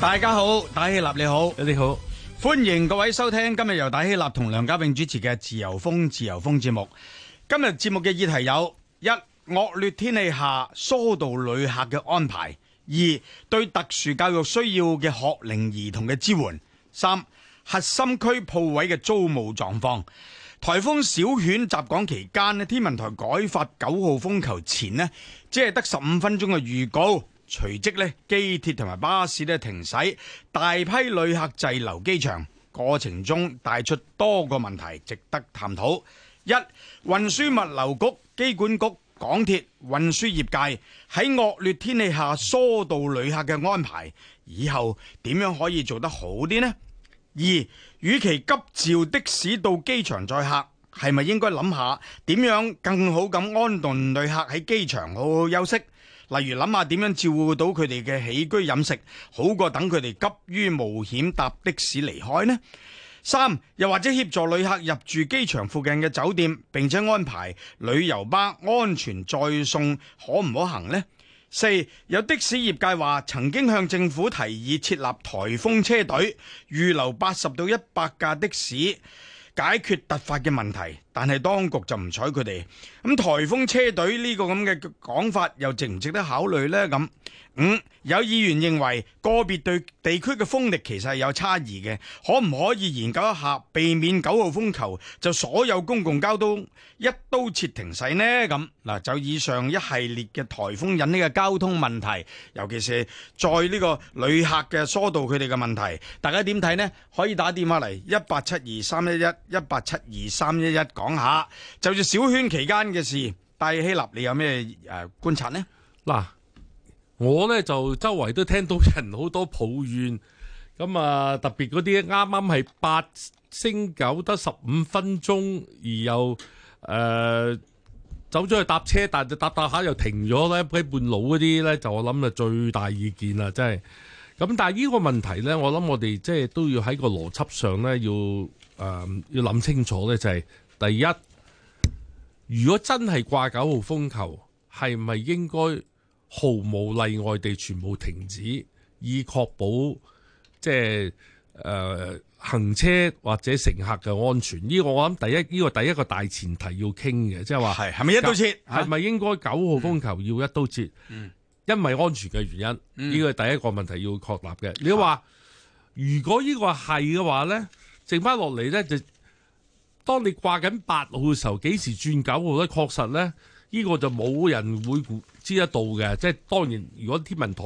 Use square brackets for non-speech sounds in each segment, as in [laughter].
大家好，戴希立你好，你好，歡迎各位收聽今日由戴希立同梁家穎主持嘅《自由風自由風》節目。今日節目嘅議題有：一惡劣天氣下疏導旅客嘅安排；二對特殊教育需要嘅學齡兒童嘅支援；三核心區鋪位嘅租務狀況。颱風小犬襲港期間呢，天文台改發九號風球前呢，只係得十五分鐘嘅預告。隨即呢，機鐵同埋巴士呢停駛，大批旅客滯留機場，過程中帶出多個問題，值得探討。一、運輸物流局、機管局、港鐵運輸業界喺惡劣天氣下疏導旅客嘅安排，以後點樣可以做得好啲呢？二、與其急召的士到機場載客，係咪應該諗下點樣更好咁安頓旅客喺機場好好休息？例如諗下點樣照顧到佢哋嘅起居飲食，好過等佢哋急於冒險搭的士離開呢？三、又或者協助旅客入住機場附近嘅酒店，並且安排旅遊巴安全載送，可唔可行呢？四、有的士業界話曾經向政府提議設立颱風車隊，預留八十到一百架的士。解決突發嘅問題，但係當局就唔睬佢哋。咁颱風車隊呢個咁嘅講法，又值唔值得考慮呢？咁。五、嗯、有議員認為個別對地區嘅風力其實係有差異嘅，可唔可以研究一下避免九號風球就所有公共交通一刀切停駛呢？咁嗱，就以上一系列嘅颱風引起嘅交通問題，尤其是在呢個旅客嘅疏導佢哋嘅問題，大家點睇呢？可以打電話嚟一八七二三一一一八七二三一一講下。就住小圈期間嘅事，戴希立，你有咩誒、呃、觀察呢？嗱。我呢就周圍都聽到人好多抱怨，咁啊特別嗰啲啱啱係八星九得十五分鐘，而又誒走咗去搭車，但係搭搭下又停咗咧，喺半路嗰啲呢，就我諗啊最大意見啦，真係。咁但係呢個問題呢，我諗我哋即係都要喺個邏輯上呢，要誒、呃、要諗清楚呢。就係、是、第一，如果真係掛九號風球，係咪應該？毫無例外地全部停止，以確保即係誒、呃、行車或者乘客嘅安全。呢、這個我諗第一，依、這個第一個大前提要傾嘅，即係話，係係咪一刀切？係、啊、咪應該九號風球要一刀切？嗯，因為安全嘅原因，呢個係第一個問題要確立嘅。你話，如果個呢個係嘅話，咧，剩翻落嚟咧就當你掛緊八號嘅時候，幾時轉九號咧？確實咧，呢個就冇人會估。知得到嘅，即係當然。如果天文台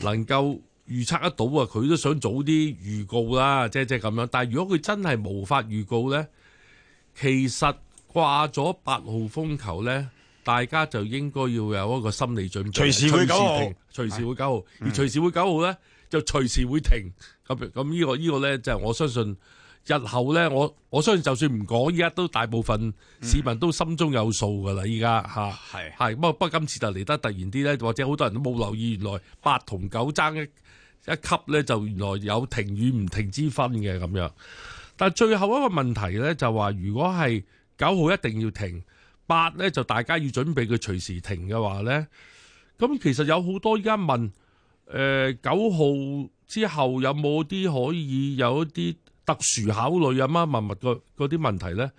能夠預測得到啊，佢都想早啲預告啦，即係即係咁樣。但係如果佢真係無法預告呢，其實掛咗八號風球呢，大家就應該要有一個心理準備，隨時會九號，隨時會九號，而隨時會九號呢，就隨時會停。咁咁呢個呢個呢，就係我相信。日後呢，我我相信就算唔講，依家都大部分市民都心中有數噶啦。依家嚇係係，不過今次就嚟得突然啲呢，或者好多人都冇留意，原來八同九爭一級呢，就原來有停與唔停之分嘅咁樣。但最後一個問題呢，就話如果係九號一定要停，八呢就大家要準備佢隨時停嘅話呢。咁其實有好多依家問呃、九號之後有冇啲可以有一啲特殊考慮啊乜乜物物嗰啲問題咧，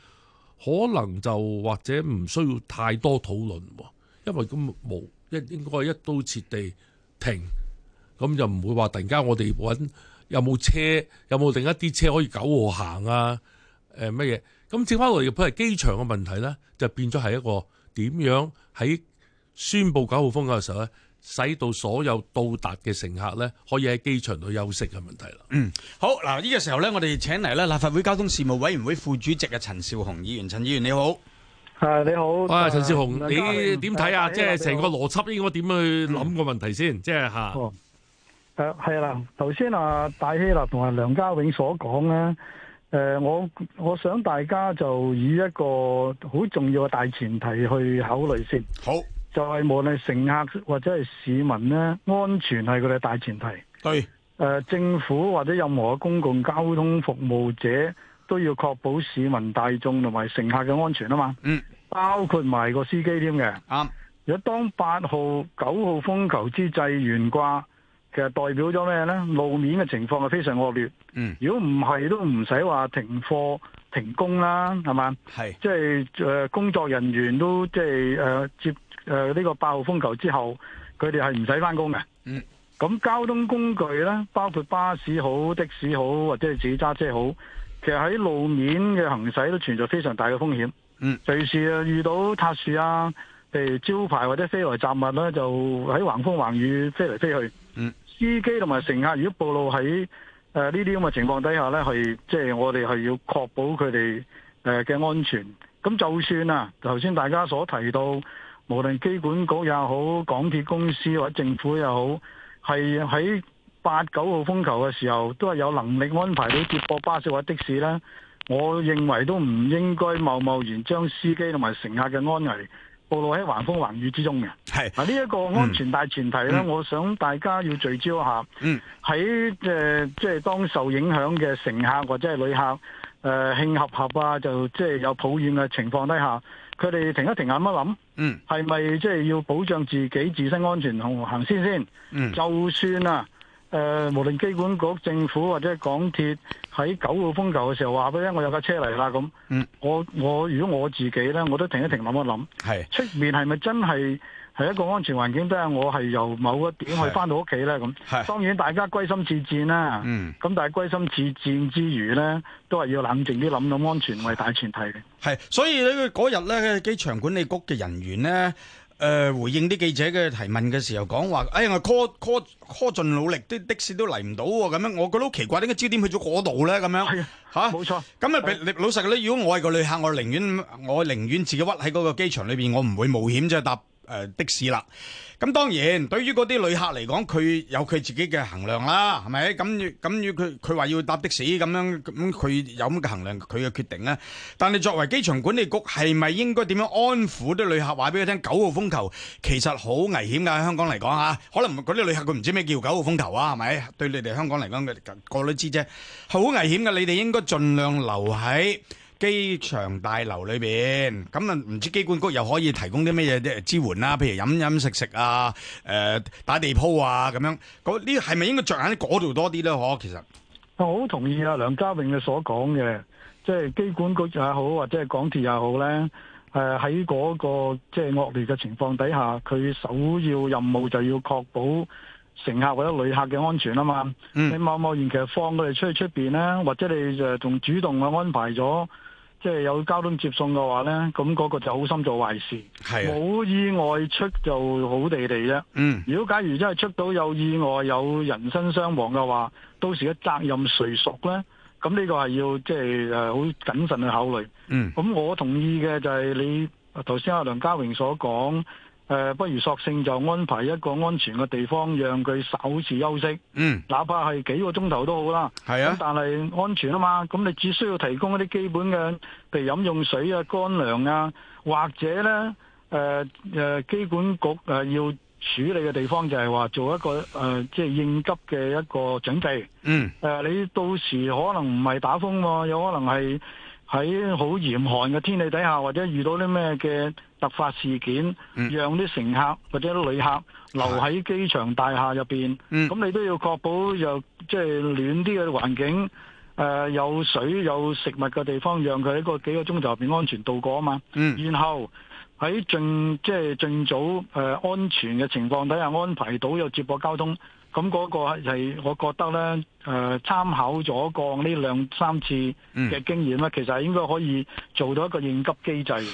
可能就或者唔需要太多討論喎，因為咁冇一應該一刀切地停，咁就唔會話突然間我哋揾有冇車，有冇另一啲車可以九號行啊？誒乜嘢？咁接翻落嚟，譬如機場嘅問題咧，就變咗係一個點樣喺宣佈九號風球嘅時候咧，使到所有到達嘅乘客咧，可以喺機場度休息嘅問題啦。嗯，好嗱，呢個時候咧，我哋請嚟咧立法會交通事務委員會副主席啊陳紹雄議員，陳議員你好。你好。啊，陳紹、啊、雄，呃、你點睇啊？即係成個邏輯應該點去諗個問題先？即係吓。誒、就是，係、哦、啦，頭先啊，戴、啊、希立同埋梁家永所講咧，誒、呃，我我想大家就以一個好重要嘅大前提去考慮先。好。就係、是、無論乘客或者係市民咧，安全係佢哋大前提。對，誒、呃、政府或者任何公共交通服務者都要確保市民大眾同埋乘客嘅安全啊嘛。嗯，包括埋個司機添、啊、嘅。啱、啊。如果當八號、九號風球之際懸掛，其實代表咗咩咧？路面嘅情況係非常惡劣。嗯。如果唔係，都唔使話停課、停工啦、啊，係嘛？係。即係誒、呃，工作人員都即係誒、呃、接。誒、呃、呢、個八號風球之後，佢哋係唔使翻工嘅。嗯，咁交通工具呢，包括巴士好、的士好，或者係自己揸車好，其實喺路面嘅行駛都存在非常大嘅風險。嗯，隨時啊遇到塌樹啊，譬如招牌或者飛來雜物呢、啊，就喺橫風橫雨飛嚟飛去。嗯，司機同埋乘客如果暴露喺呢啲咁嘅情況底下呢，係即係我哋係要確保佢哋嘅安全。咁就算啊，頭先大家所提到。無論機管局也好，港鐵公司或者政府也好，係喺八九號風球嘅時候，都係有能力安排到接駁巴士或者的士啦。我認為都唔應該貿貿然將司機同埋乘客嘅安危暴露喺橫風橫雨之中嘅。係，嗱呢一個安全大前提咧、嗯，我想大家要聚焦一下。喺、嗯呃、即係當受影響嘅乘客或者係旅客誒、呃、慶合合啊，就即係有抱怨嘅情況底下。佢哋停一停，諗一諗，係咪即係要保障自己自身安全同行先，先先？嗯、就算啊，誒、呃，無論機管局、政府或者港鐵喺九號風球嘅時候話俾我聽，我有架車嚟啦咁，我我如果我自己咧，我都停一停，諗一諗，出面係咪真係？係一個安全環境，都係我係由某個點去翻到屋企咧。咁當然大家歸心似箭啦。嗯，咁但係歸心似箭之餘咧，都係要冷靜啲諗諗安全為大前提嘅。係，所以咧，嗰日咧機場管理局嘅人員咧，誒、呃、回應啲記者嘅提問嘅時候，講話誒，我 call call call 盡努力，啲的士都嚟唔到咁樣，我覺得好奇怪點解個焦點去咗嗰度咧，咁樣吓，冇錯。咁啊，老實嘅咧，如果我係個旅客，我寧願我寧願自己屈喺嗰個機場裏邊，我唔會冒險啫搭。呃、的士啦，咁當然對於嗰啲旅客嚟講，佢有佢自己嘅衡量啦，係咪？咁咁佢佢話要搭的士咁樣，咁、嗯、佢、嗯、有咁嘅衡量，佢嘅決定呢？但係作為機場管理局，係咪應該點樣安撫啲旅客話俾佢聽？九號風球其實好危險㗎，喺香港嚟講吓，可能嗰啲旅客佢唔知咩叫九號風球啊，係咪？對你哋香港嚟講，個個都知啫，好危險嘅。你哋應該盡量留喺機場大樓裏邊咁啊，唔知機管局又可以提供啲乜嘢支援啦？譬如飲飲食食啊，誒、呃、打地鋪啊咁樣，咁呢係咪應該着眼啲嗰度多啲咧？嗬，其實我好同意啊梁家榮嘅所講嘅，即係機管局又好或者係港鐵又好咧，誒喺嗰個即係惡劣嘅情況底下，佢首要任務就要確保乘客或者旅客嘅安全啊嘛、嗯。你貿貿然其實放佢哋出去出邊咧，或者你誒仲主動安排咗。即係有交通接送嘅話呢，咁嗰個就好心做壞事。冇意外出就好地地啫。嗯，如果假如真係出到有意外，有人身傷亡嘅話，到時嘅責任誰屬呢？咁呢個係要即係好謹慎去考慮。嗯，咁我同意嘅就係你頭先阿梁家榮所講。誒、呃，不如索性就安排一個安全嘅地方，讓佢稍事休息。嗯，哪怕係幾個鐘頭都好啦。係啊，但係安全啊嘛。咁你只需要提供一啲基本嘅，譬如飲用水啊、乾糧啊，或者呢誒誒，機、呃、管局誒要處理嘅地方就係話做一個誒，即、呃、係、就是、應急嘅一個準備。嗯。誒、呃，你到時可能唔係打風喎、啊，有可能係。喺好嚴寒嘅天氣底下，或者遇到啲咩嘅突發事件，嗯、讓啲乘客或者旅客留喺機場大廈入邊，咁、嗯、你都要確保又即係暖啲嘅環境，誒、呃、有水有食物嘅地方，讓佢喺個幾個鐘頭入邊安全度過啊嘛、嗯。然後喺盡即係盡早誒、呃、安全嘅情況底下安排到有接駁交通。咁、那、嗰個係我覺得咧，誒、呃、參考咗過呢兩三次嘅經驗啦、嗯，其實應該可以做到一個應急機制。係，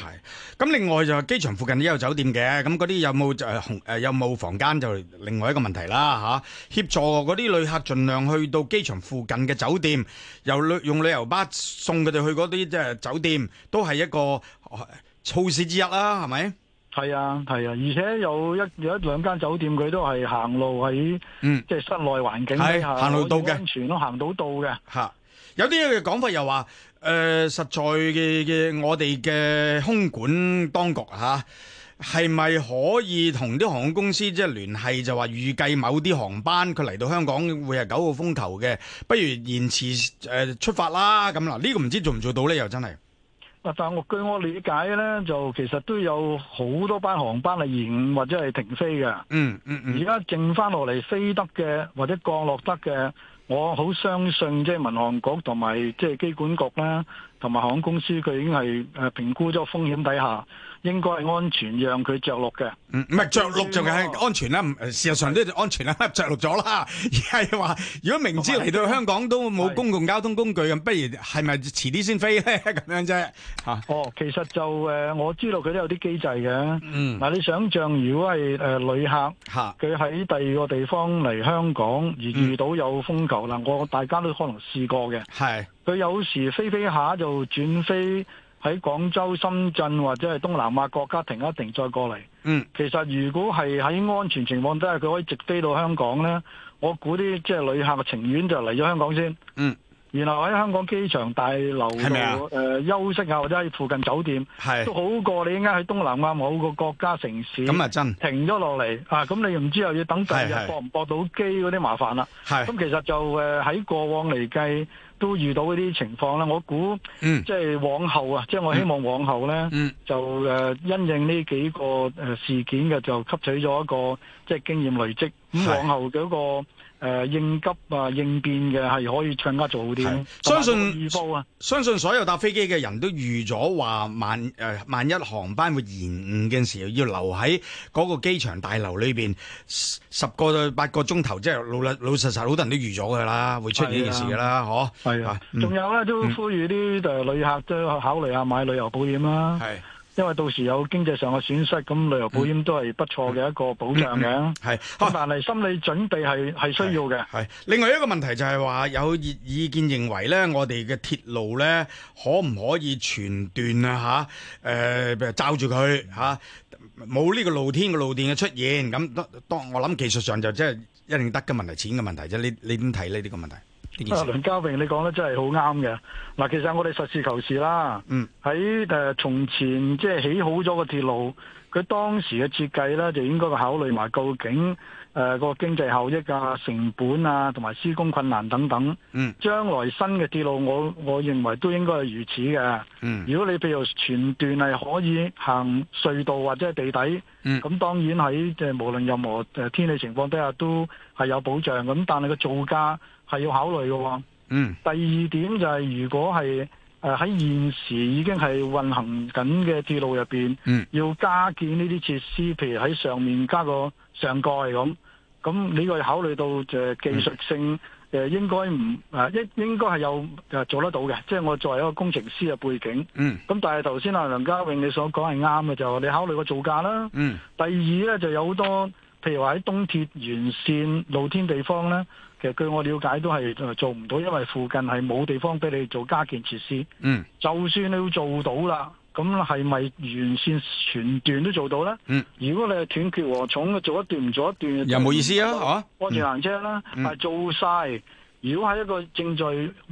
咁另外就係機場附近都有酒店嘅，咁嗰啲有冇有冇、呃、房間就另外一個問題啦嚇、啊。協助嗰啲旅客盡量去到機場附近嘅酒店，由旅用旅遊巴送佢哋去嗰啲即係酒店，都係一個、呃、措施之一啦、啊，係咪？係啊，係啊，而且有一有一兩間酒店佢都係行路喺、嗯，即係室內環境係行路到嘅全都行到到嘅。有啲嘅講法又話，誒、呃，實在嘅嘅，我哋嘅空管當局嚇，係、啊、咪可以同啲航空公司即係聯繫，就話預計某啲航班佢嚟到香港會係九號風球嘅，不如延遲、呃、出發啦。咁嗱，呢、這個唔知做唔做到咧？又真係。但我據我理解呢，就其實都有好多班航班係延或者係停飛嘅。嗯嗯嗯。而家剩翻落嚟飛得嘅或者降落得嘅，我好相信即係民航局同埋即係機管局啦，同埋航空公司佢已經係誒評估咗風險底下。應該係安全，讓佢着陸嘅。嗯，唔係着陸，仲係安全啦、嗯。事實上都安全啦，着、嗯、陸咗啦。而係話，如果明知嚟到香港都冇公共交通工具，咁不如係咪遲啲先飛咧？咁樣啫嚇。哦，其實就誒，我知道佢都有啲機制嘅。嗯。嗱，你想象如果係誒旅客，嚇佢喺第二個地方嚟香港，而遇到有風球，嗱、嗯、我大家都可能試過嘅。係。佢有時飛飛下就轉飛。喺廣州、深圳或者係東南亞國家停一停再過嚟。嗯，其實如果係喺安全情況底下，佢可以直飛到香港呢。我估啲即係旅客情願就嚟咗香港先。嗯，然後喺香港機場大樓度誒休息下，或者喺附近酒店都好過你應該喺東南亞某個國家城市。咁啊真。停咗落嚟啊！咁你唔知又要等第二日搏唔搏到機嗰啲麻煩啦、啊。咁、嗯、其實就誒喺、呃、過往嚟計。都遇到嗰啲情況咧，我估即係往後啊、嗯，即係我希望往後咧、嗯、就誒因應呢幾個誒事件嘅就吸取咗一個即係經驗累積。咁往後嗰個誒、呃、應急啊、呃、應變嘅係可以更加做好啲。相信預報啊！相信所有搭飛機嘅人都預咗話萬誒、呃、萬一航班會延誤嘅時候，要留喺嗰個機場大樓裏面，十個八個鐘頭，即、就、係、是、老老實實好多人都預咗㗎啦，會出現呢件事㗎啦，嗬？係啊，仲、啊啊嗯、有咧都呼籲啲旅客都考慮下買旅遊保險啦、啊。因為到時有經濟上嘅損失，咁旅遊保險都係不錯嘅一個保障嘅，係、嗯嗯嗯啊。但係心理準備係係需要嘅。係，另外一個問題就係話有意見認為咧，我哋嘅鐵路咧可唔可以全段啊？吓？誒譬如罩住佢吓，冇呢、啊、個露天嘅路段嘅出現咁。當我諗技術上就即係一定得嘅問題，錢嘅問題啫。你你點睇呢啲、這個問題？阿梁家榮，你講得真係好啱嘅。嗱，其實我哋實事求是啦。嗯，喺誒從前即係起好咗個鐵路，佢當時嘅設計咧就應該個考慮埋究竟誒個、呃、經濟效益啊、成本啊，同埋施工困難等等。嗯，將來新嘅鐵路我，我我認為都應該係如此嘅。嗯，如果你譬如全段係可以行隧道或者係地底，嗯，咁當然喺即係無論任何誒天氣情況底下都係有保障。咁但係個造價。係要考慮嘅。嗯，第二點就係、是、如果係誒喺現時已經係運行緊嘅鐵路入邊，嗯，要加建呢啲設施，譬如喺上面加個上蓋咁，咁你個考慮到就、呃、技術性誒、嗯呃，應該唔誒應應該係有誒做得到嘅。即係我作為一個工程師嘅背景，嗯，咁但係頭先阿梁家永你所講係啱嘅，就是、你考慮個造價啦。嗯，第二咧就有好多譬如話喺東鐵沿線露天地方咧。其實據我了解都係做唔到，因為附近係冇地方俾你做加建設施。嗯，就算你要做到啦，咁係咪全綫全段都做到呢？嗯，如果你係斷缺和重做一段唔做一段又冇意思啊！安全行車啦，但、嗯、係做晒。如果喺一個正在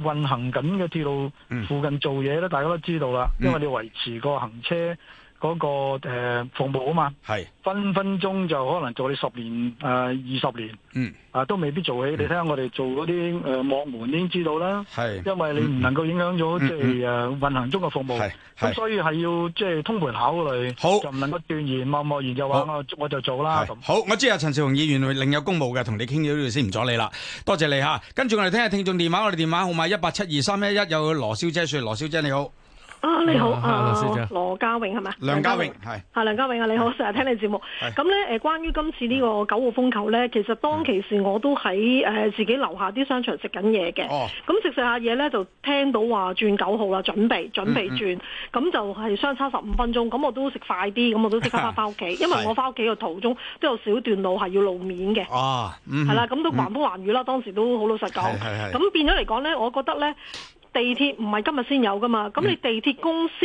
運行緊嘅鐵路附近做嘢呢、嗯，大家都知道啦，因為你維持個行車。嗰、那個、呃、服務啊嘛，係分分鐘就可能做你十年誒、呃、二十年，嗯啊都未必做起。嗯、你睇下我哋做嗰啲誒網門已經知道啦，係因為你唔能夠影響咗、嗯、即係誒、呃、運行中嘅服務，係咁、嗯、所以係要即係通盤考慮，好就唔能夠斷言貿貿然就話我我就做啦。好，我知啊，陳紹雄議員會另有公務嘅，同你傾咗呢度先，唔阻你啦，多謝你吓！跟住我哋聽下聽，聽眾電話，我哋電話號碼一八七二三一一，有羅小姐説，羅小姐你好。啊，你好啊，羅家榮係咪啊？梁家榮係。係梁家榮啊，你好，成、啊、日、嗯、聽你節目。咁咧，誒、呃，關於今次呢個九號風球咧，其實當其時我都喺誒、呃、自己樓下啲商場食緊嘢嘅。咁食食下嘢咧，就聽到話轉九號啦，準備準備轉，咁、嗯嗯、就係相差十五分鐘，咁我都食快啲，咁我都即刻翻翻屋企，因為我翻屋企嘅途中都有少段路係要露面嘅。哦、啊。係、嗯、啦，咁都橫風橫雨啦，當時都好老實講。咁變咗嚟講咧，我覺得咧。地鐵唔係今日先有噶嘛，咁你地鐵公司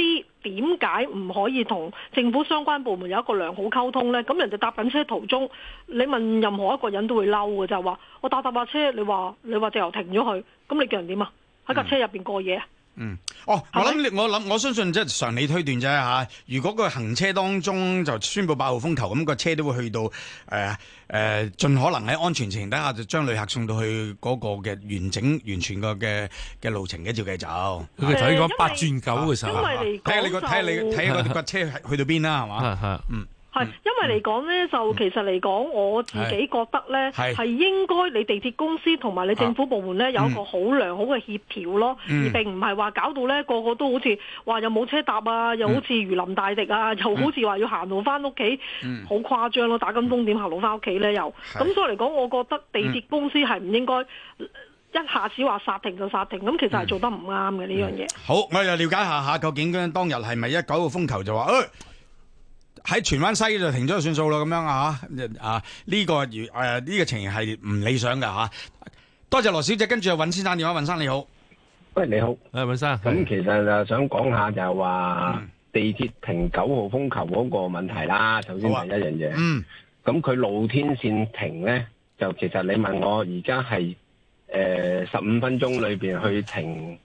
點解唔可以同政府相關部門有一個良好溝通呢？咁人哋搭緊車途中，你問任何一個人都會嬲噶，就係話我搭搭把車，你話你話直頭停咗去，咁你叫人點啊？喺架車入邊過夜啊？嗯，嗯，哦，我諗我諗，我相信即係常理推斷啫吓。如果個行車當中就宣布八號風球，咁個車都會去到誒。呃誒、呃，盡可能喺安全情況底下，就將旅客送到去嗰個嘅完整、完全個嘅嘅路程嘅，照計走。佢哋就可以講八轉九嘅時候，睇下你個睇下你睇下嗰架車去到邊啦，係嘛？嗯。嗯、因為嚟講呢，就其實嚟講、嗯，我自己覺得呢，係應該你地鐵公司同埋你政府部門呢，啊、有一個好良好嘅協調咯、嗯，而並唔係話搞到呢個個都好似話又冇車搭啊，又好似如臨大敵啊，又好似話、啊嗯、要行路翻屋企，好誇張咯，打緊風點行路翻屋企呢？又，咁所以嚟講，我覺得地鐵公司係唔應該一下子話剎停就剎停，咁其實係做得唔啱嘅呢樣嘢。好，我又了解下下究竟當日係咪一九個風球就話喺荃灣西就停咗算數啦，咁樣啊啊呢、這個誒呢、呃這個情形係唔理想嘅嚇、啊。多謝羅小姐，跟住阿尹先生電話，尹生你好，喂你好，誒尹生，咁其實誒想講下就係話地鐵停九號風球嗰個問題啦，嗯、首先第一樣嘢、啊，嗯，咁佢露天線停咧，就其實你問我而家係誒十五分鐘裏面去停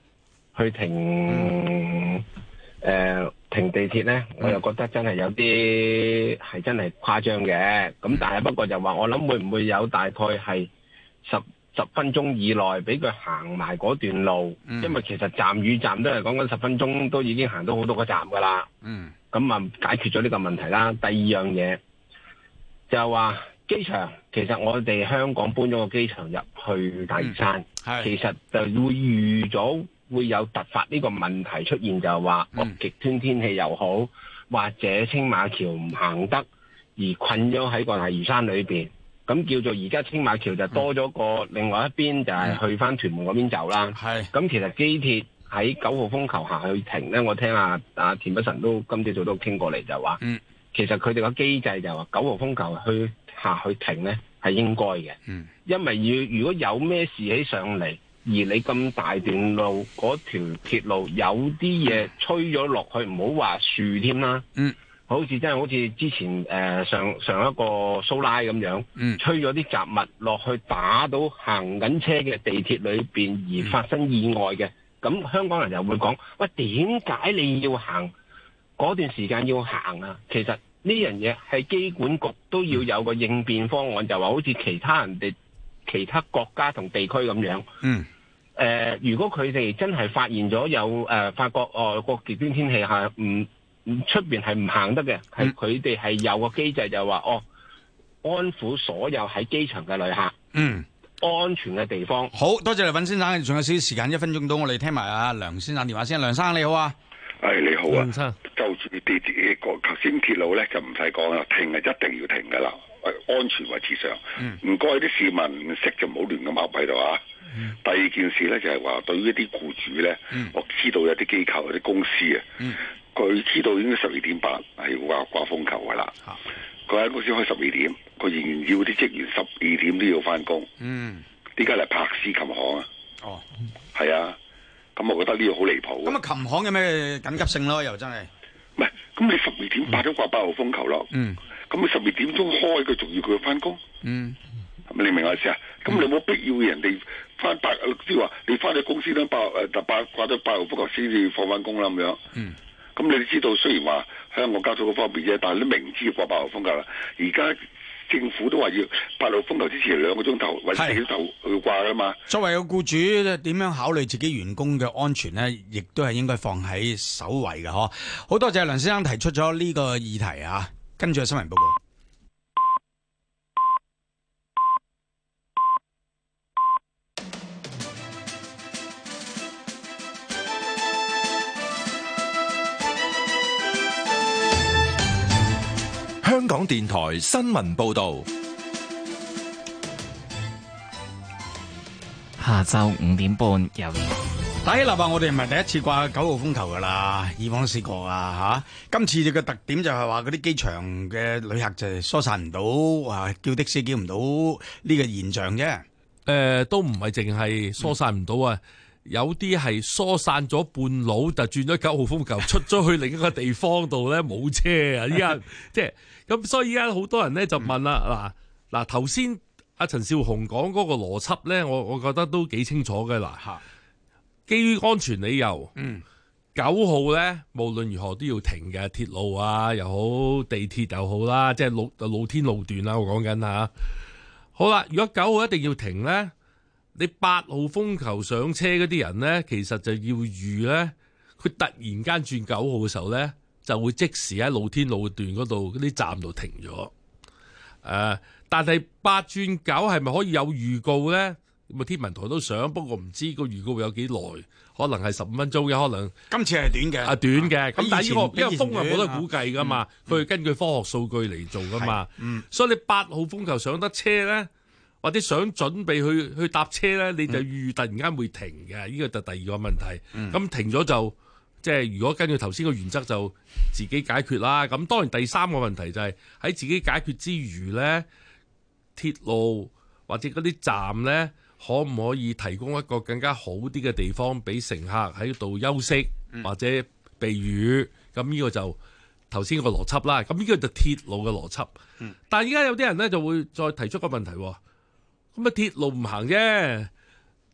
去停誒。嗯呃停地鐵咧，我又覺得真係有啲係、mm. 真係誇張嘅。咁但係、mm. 不過就話，我諗會唔會有大概係十十分鐘以內俾佢行埋嗰段路，mm. 因為其實站與站都係講緊十分鐘，都已經行到好多個站噶啦。嗯，咁啊解決咗呢個問題啦。第二樣嘢就係話機場，其實我哋香港搬咗個機場入去大嶼山，mm. 其實就會預早，會有突發呢個問題出現，就係、是、話極端天氣又好，嗯、或者青馬橋唔行得，而困咗喺個大嶼山裏面。咁叫做而家青馬橋就多咗個另外一邊，就係去返屯門嗰邊走啦。係、嗯、咁，其實機鐵喺九號風球下去停咧，我聽阿阿田北辰都今朝早都傾過嚟，就、嗯、話，其實佢哋個機制就話九號風球下去下去停咧係應該嘅、嗯，因為要如果有咩事起上嚟。而你咁大段路嗰條鐵路有啲嘢吹咗落去，唔好話樹添啦。嗯，好似真係好似之前誒、呃、上上一個蘇拉咁樣，嗯，吹咗啲雜物落去，打到行緊車嘅地鐵裏邊而發生意外嘅。咁、嗯、香港人就會講喂，點解你要行嗰段時間要行啊？其實呢樣嘢係機管局都要有個應變方案，就話好似其他人哋。其他國家同地區咁樣，嗯，誒、呃，如果佢哋真係發現咗有誒、呃，發覺外國極端天氣下，唔唔出邊係唔行得嘅，係佢哋係有個機制就話哦，安撫所有喺機場嘅旅客，嗯，安全嘅地方。好多謝嚟尹先生，仲有少少時間，一分鐘到，我哋聽埋阿梁先生電話先。梁先生你好啊，誒、哎、你好啊，就住生，你哋自己我頭先鐵路咧就唔使講啦，停啊，一定要停噶啦。安全為至上，唔該啲市民唔識就唔好亂咁買喺度啊！第二件事咧就係話，對於一啲僱主咧、嗯，我知道有啲機構、有、嗯、啲公司啊，佢知道應該十二點八係要掛風球噶啦，佢喺公司開十二點，佢仍然要啲職員十二點都要翻工。嗯，依家嚟拍司琴行啊？哦，係啊，咁我覺得呢個好離譜的。咁、嗯、啊，琴、嗯、行、嗯、有咩緊急性咯？又真係，唔係，咁你十二點八都掛八號風球咯？嗯。嗯嗯咁佢十二點鐘開，佢仲要佢翻工。嗯，係咪你明白我意思啊？咁、嗯、你冇必要人哋翻八，即係話你翻去公司咧八，誒，八掛咗八號風球先至放翻工啦咁樣。嗯，咁你知道雖然話香港交通好方便啫，但係你明知要掛八號風球啦。而家政府都話要八號風球之前兩個鐘頭揾第二頭去掛噶嘛。作為個僱主，點樣考慮自己員工嘅安全咧？亦都係應該放喺首位嘅呵。好多謝梁先生提出咗呢個議題啊！跟住有新聞報告。香港電台新聞報道，下晝五點半有。打起立話，我哋唔係第一次掛九號風球噶啦，以往試過啊吓。今次嘅特點就係話嗰啲機場嘅旅客就疏散唔到，啊叫的士叫唔到呢個現象啫。誒、呃，都唔係淨係疏散唔到啊，有啲係疏散咗半路就轉咗九號風球，出咗去另一個地方度咧，冇車啊。依家即係咁，所以依家好多人咧就問啦，嗱嗱頭先阿陳紹雄講嗰個邏輯咧，我我覺得都幾清楚嘅啦。基於安全理由，嗯、九號呢，無論如何都要停嘅，鐵路啊又好，地鐵又好啦，即係露，露天路段啦、啊，我講緊吓。好啦，如果九號一定要停呢，你八號風球上車嗰啲人呢，其實就要預呢，佢突然間轉九號嘅時候呢，就會即時喺露天路段嗰度嗰啲站度停咗。誒、呃，但係八轉九係咪可以有預告呢？咁天文台都想，不過唔知個預告會有幾耐，可能係十五分鐘嘅，有可能今次係短嘅，啊短嘅。咁、啊、但呢、呢個因為風係冇得估計噶嘛，佢、啊、係、嗯、根據科學數據嚟做噶嘛，嗯。所以你八號風球上得車咧，或者想準備去去搭車咧，你就預突然間會停嘅，呢、嗯呢個就第二個問題。咁、嗯、停咗就即係、就是、如果根據頭先個原則就自己解決啦。咁當然第三個問題就係、是、喺自己解決之餘咧，鐵路或者嗰啲站咧。可唔可以提供一個更加好啲嘅地方俾乘客喺度休息或者避雨？咁呢個就頭先個邏輯啦。咁呢個就鐵路嘅邏輯。但係依家有啲人咧就會再提出一個問題，咁啊鐵路唔行啫，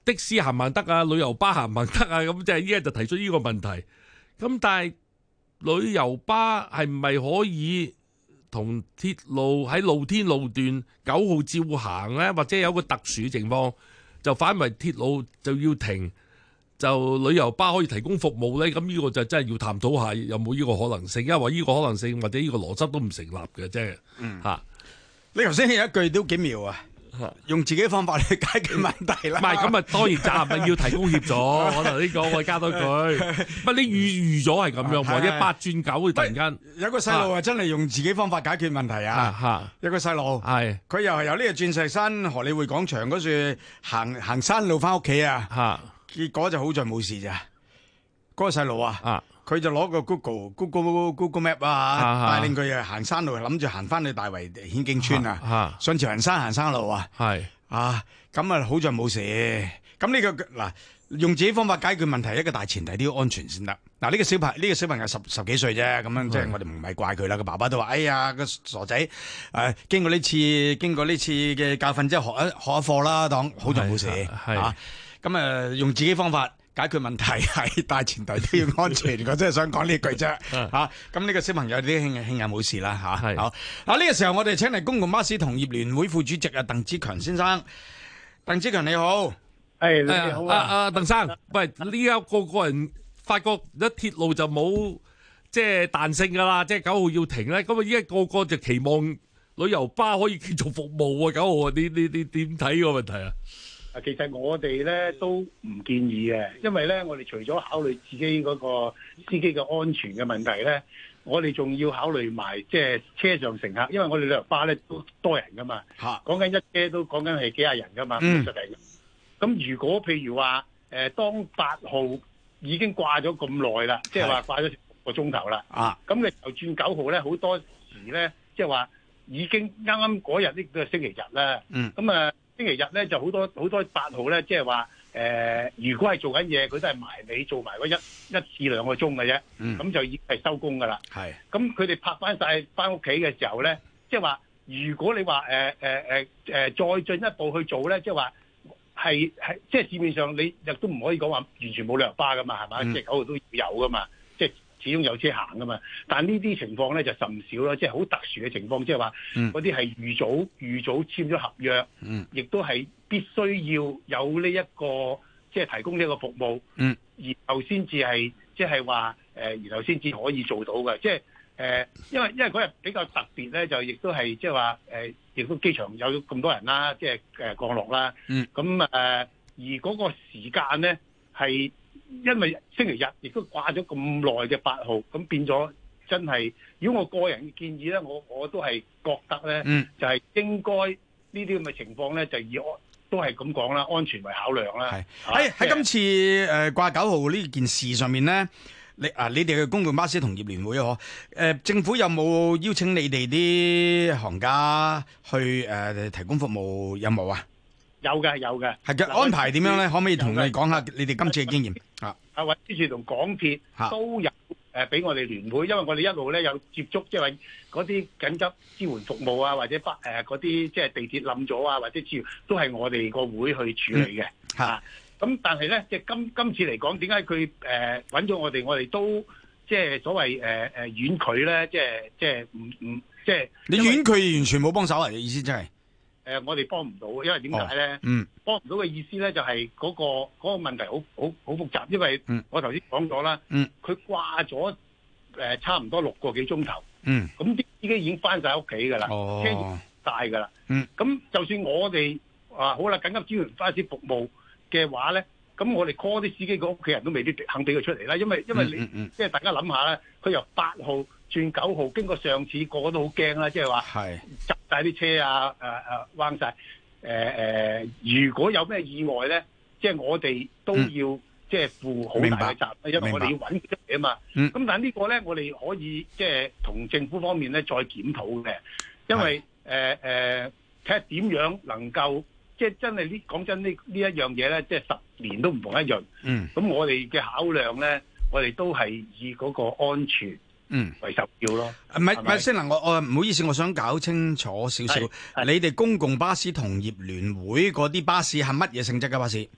的士行唔行得啊，旅遊巴行唔行得啊？咁即係依家就提出呢個問題。咁但係旅遊巴係唔係可以同鐵路喺露天路段九號照行咧？或者有個特殊情況？就反為鐵路就要停，就旅遊巴可以提供服務咧，咁呢個就真係要探討下有冇呢個可能性，因為呢個可能性或者呢個邏輯都唔成立嘅，啫、嗯。吓、啊。你頭先有一句都幾妙啊！用自己方法嚟解決問題啦。唔係咁啊，當然責任要提供協助。我嗱呢個我加多句。唔係你預預咗係咁樣，或者八轉九會突然間有個細路啊，真係用自己方法解決問題啊！嚇，有個細路，係佢又係由呢個鑽石山荷里活廣場嗰處行行山路翻屋企啊！嚇，結果就好在冇事咋。嗰個細路啊！佢就攞個 Google、Google、Google Map 啊，帶領佢行山路，諗住行翻去大圍顯徑村啊，上慈雲山行山路啊，啊咁啊好在冇事。咁呢個嗱用自己方法解決問題，一個大前提都要安全先得。嗱呢個小朋呢個小朋友十十幾歲啫，咁樣即係我哋唔係怪佢啦。個爸爸都話，哎呀個傻仔，誒經過呢次經過呢次嘅教訓之後，即係學一學一課啦。當好在冇事，啊咁啊用自己方法。解決問題係大前提都要安全，我真係想講呢句啫嚇。咁呢個小朋友啲慶慶幸冇事啦嚇。好啊，呢個時候我哋請嚟公共巴士同業聯會副主席啊，鄧子強先生。鄧子強你好，誒你好啊啊，鄧生，唔係呢一個個人發覺一鐵路就冇即係彈性㗎啦，即係九號要停咧。咁啊依家個個就期望旅遊巴可以繼續服務喎。九號，你你你點睇呢個問題啊？啊，其實我哋咧都唔建議嘅，因為咧我哋除咗考慮自己嗰個司機嘅安全嘅問題咧，我哋仲要考慮埋即係車上乘客，因為我哋旅遊巴咧都多人㗎嘛，講緊一車都講緊係幾廿人㗎嘛，事實嚟。咁如果譬如話誒，當八號已經掛咗咁耐啦，即係話掛咗個鐘頭啦，咁你又轉九號咧，好多時咧即係話已經啱啱嗰日呢都係星期日啦，咁、嗯、啊。嗯星期日咧就好多好多八號咧，即係話如果係做緊嘢，佢都係埋尾做埋嗰一一,一至兩個鐘嘅啫，咁、嗯、就已係收工噶啦。咁佢哋拍翻曬翻屋企嘅時候咧，即係話，如果你話、呃呃呃呃、再進一步去做咧，即係話係即係市面上你亦都唔可以講話完全冇旅遊巴噶嘛，係咪？即係九號都要有噶嘛。始終有車行噶嘛，但係呢啲情況咧就甚少啦，即係好特殊嘅情況，即係話嗰啲係預早預早簽咗合約，亦都係必須要有呢、這、一個即係、就是、提供呢一個服務，然後先至係即係話誒，然、就是、後先至可以做到嘅。即係誒，因為因為嗰日比較特別咧，就亦都係即係話誒，亦、就是呃、都機場有咁多人啦，即係誒降落啦。咁誒、呃，而嗰個時間咧係。因為星期日亦都掛咗咁耐嘅八號，咁變咗真係。如果我個人嘅建議咧，我我都係覺得咧，嗯，就係應該呢啲咁嘅情況咧，就以都係咁講啦，安全為考量啦。喺喺今次誒掛九號呢件事上面咧，你啊你哋嘅公共巴士同業聯會嗬，誒政府有冇邀請你哋啲行家去誒提供服務有冇啊？有嘅，係有嘅。係嘅安排點樣咧？可唔可以同你哋講下你哋今次嘅經驗啊？阿運輸署同港鐵都有誒，俾我哋聯會，因為我哋一路咧有接觸，即係嗰啲緊急支援服務啊，或者不誒嗰啲即係地鐵冧咗啊，或者支援，都係我哋個會去處理嘅吓。咁、嗯、但係咧，即、就、係、是、今今次嚟講，點解佢誒揾咗我哋，我哋都即係、就是、所謂誒誒婉拒咧？即係即係唔唔即係你婉拒，完全冇幫手嚟你意思即、就、係、是？誒、呃，我哋幫唔到，因為點解咧？幫唔到嘅意思咧，就係、是、嗰、那個嗰、那個問題好好好複雜，因為我頭先講咗啦，佢、嗯、掛咗誒、呃、差唔多六個幾鐘頭，咁啲司機已經翻晒屋企㗎啦，車住曬㗎啦，咁、嗯嗯、就算我哋啊好啦，緊急支援巴士服務嘅話咧，咁我哋 call 啲司機，個屋企人都未必肯俾佢出嚟啦，因為因為你即係、嗯嗯、大家諗下咧，佢由八號，轉九號，經過上次個個都好驚啦，即係話擠晒啲車啊，誒誒彎晒，誒、呃、誒，如果有咩意外咧、嗯，即係我哋都要即係負好大嘅責任，因為我哋要搵出嚟啊嘛。咁、嗯、但係呢個咧，我哋可以即係同政府方面咧再檢討嘅，因為誒誒睇下點樣能夠即係真係呢，講真呢，呢一樣嘢咧，即係十年都唔同一樣。咁、嗯、我哋嘅考量咧，我哋都係以嗰個安全。嗯，為十票咯。唔係唔係，先嗱，我我唔好意思，我想搞清楚少少。你哋公共巴士同業聯會嗰啲巴士係乜嘢性質嘅巴士？誒、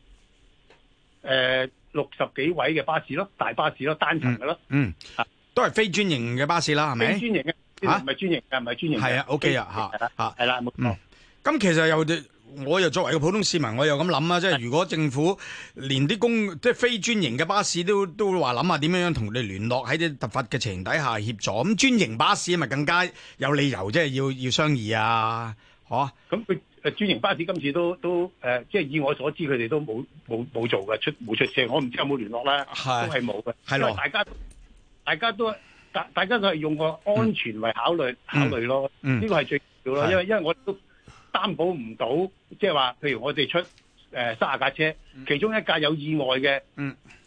呃，六十幾位嘅巴士咯，大巴士咯，單層嘅咯。嗯，嗯啊、都係非專營嘅巴士啦，係咪？非專營嘅唔係專營嘅，唔係專營嘅。係啊，O K 啊，吓吓，係啦，冇錯。咁、啊 okay 啊啊啊啊啊嗯嗯、其實又。我又作為個普通市民，我又咁諗啊！即係如果政府連啲公即係非專營嘅巴士都都話諗下點樣同你聯絡喺啲突發嘅情形底下協助，咁專營巴士咪更加有理由即係要要商議啊！吓咁佢誒專營巴士今次都都、呃、即係以我所知佢哋都冇冇冇做嘅，出冇出聲，我唔知有冇聯絡啦，都係冇嘅。係咯，大家都大家都大大家都係用個安全為考慮、嗯、考慮咯。呢、嗯呢個係最重要啦，因為因為我都。擔保唔到，即係話，譬如我哋出誒卅架車，其中一架有意外嘅，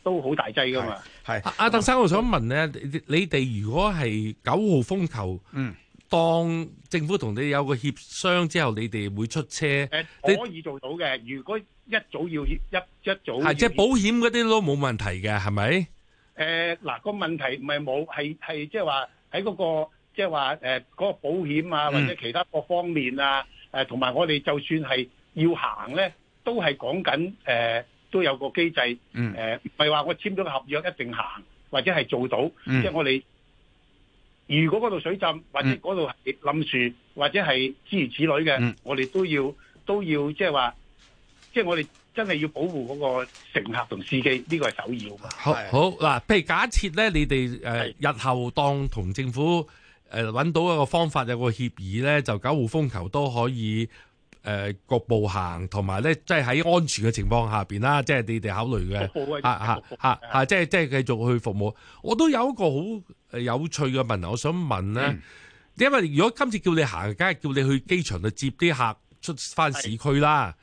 都好大劑噶嘛。係阿鄧生，我想問咧，你哋如果係九號風球，當政府同你有個協商之後，你哋會出車？可以做到嘅。如果一早要一一早，即係保險嗰啲都冇問題嘅，係咪？誒，嗱個問題唔係冇，係、係即係話喺嗰個即係話誒嗰個保險啊，或者其他各方面啊。誒同埋我哋就算係要行咧，都係講緊誒都有個機制，誒唔係話我簽咗個合約一定行或者係做到，即、嗯、係、就是、我哋如果嗰度水浸或者嗰度係冧樹、嗯、或者係諸如此類嘅、嗯，我哋都要都要即係話，即、就、係、是、我哋真係要保護嗰個乘客同司機，呢個係首要嘛。好，好嗱，譬如假設咧，你哋誒日後當同政府，誒揾到一個方法有個協議咧，就九號風球都可以誒局、呃、部行，同埋咧即係喺安全嘅情況下邊啦，即係你哋考慮嘅嚇嚇嚇嚇，即係即係繼續去服務。我都有一個好有趣嘅問題，我想問咧、嗯，因為如果今次叫你行，梗係叫你去機場度接啲客出翻市區啦、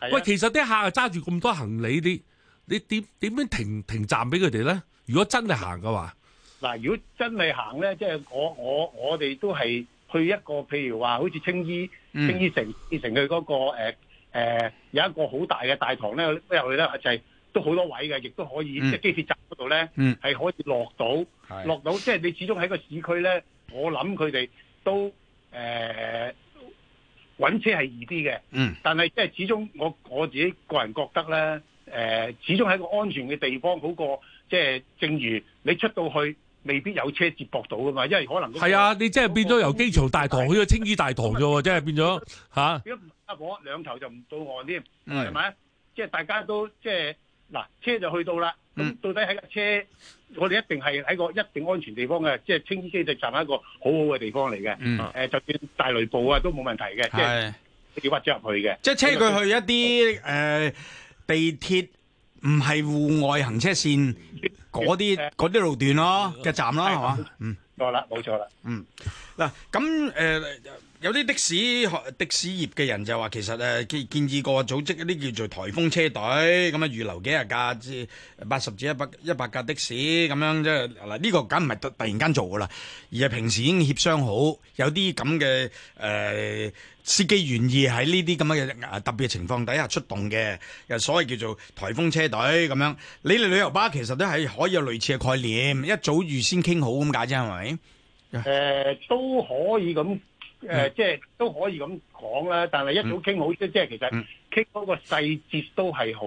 啊。喂，其實啲客啊揸住咁多行李，啲你點點樣、樣停停站俾佢哋咧？如果真係行嘅話？嗯嗱，如果真係行咧，即、就、係、是、我我我哋都係去一個譬如話好似青衣、嗯，青衣城，變成佢嗰個誒、呃、有一個好大嘅大堂咧，入去咧就係、是、都好多位嘅，亦都可以、嗯、即係機鐵站嗰度咧，係、嗯、可以落到落到，即係你始終喺個市區咧，我諗佢哋都誒揾、呃、車係易啲嘅、嗯，但係即係始終我我自己個人覺得咧，誒、呃、始終喺個安全嘅地方好過即係正如你出到去。未必有車接駁到噶嘛，因為可能係、這個、啊，你即係變咗由機場大堂去個青衣大堂啫喎，即係、就是、變咗吓？如果阿婆兩頭就唔到岸添，係咪？即係、就是、大家都即係嗱，車就去到啦。嗯、到底喺架車，我哋一定係喺個一定安全地方嘅，即係青衣機站係一個好好嘅地方嚟嘅。誒、嗯呃，就算大雷暴啊，都冇問題嘅，即係你屈咗入去嘅。即、就、係、是、車佢去一啲誒、呃、地鐵，唔係戶外行車線。嗯嗰啲嗰啲路段咯嘅站啦，係嘛，嗯，多啦，冇錯啦，嗯，嗱咁誒。呃有啲的士的士業嘅人就話，其實誒建建議過組織一啲叫做颱風車隊，咁啊預留幾十架，即係八十至一百一百架的士咁樣。即係嗱呢個梗唔係突突然間做噶啦，而係平時已經協商好，有啲咁嘅誒司機願意喺呢啲咁嘅誒特別情況底下出動嘅，又所謂叫做颱風車隊咁樣。你哋旅遊巴其實都係可以有類似嘅概念，一早預先傾好咁解啫，係咪？誒、呃，都可以咁。誒、嗯呃，即係都可以咁講啦，但係一早傾好，嗯、即即係其實傾嗰個細節都係好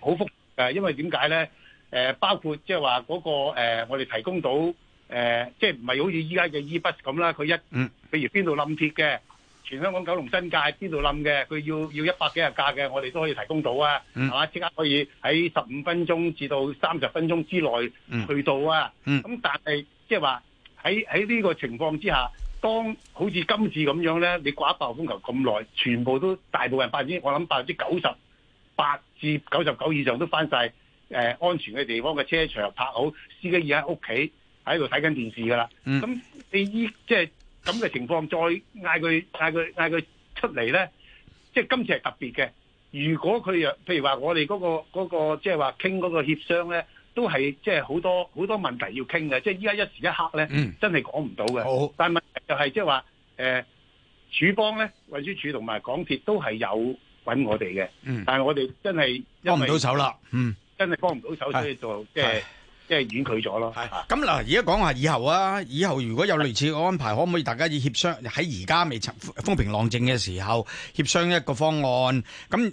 好複誒，因為點解咧？誒、呃，包括即係話嗰個、呃、我哋提供到誒、呃，即係唔係好似依家嘅 e b u s 咁啦？佢一，譬如邊度冧鐵嘅，全香港九龍新界邊度冧嘅，佢要要一百幾十架嘅，我哋都可以提供到啊，係、嗯、嘛？即、啊、刻可以喺十五分鐘至到三十分鐘之內去到啊，咁、嗯嗯、但係即係話喺喺呢個情況之下。當好似今次咁樣咧，你掛一百風球咁耐，全部都大部分百分之，我諗百分之九十八至九十九以上都翻晒誒，安全嘅地方嘅車場，泊好，司機已經喺屋企喺度睇緊電視噶啦。咁、mm. 你依即係咁嘅情況，再嗌佢嗌佢嗌佢出嚟咧，即、就、係、是、今次係特別嘅。如果佢譬如話、那個，我哋嗰個嗰個即係話傾嗰個協商咧，都係即係好多好多問題要傾嘅。即係依家一時一刻咧，mm. 真係講唔到嘅。好，但就係即係話誒，儲幫咧運輸署同埋港鐵都係有搵我哋嘅，嗯，但係我哋真係幫唔到手啦。嗯，真係幫唔到手，嗯，所以就即係即係婉拒咗咯。係咁嗱，而家講下以後啊，以後如果有類似嘅安排，可唔可以大家要協商喺而家未風平浪靜嘅時候協商一個方案？咁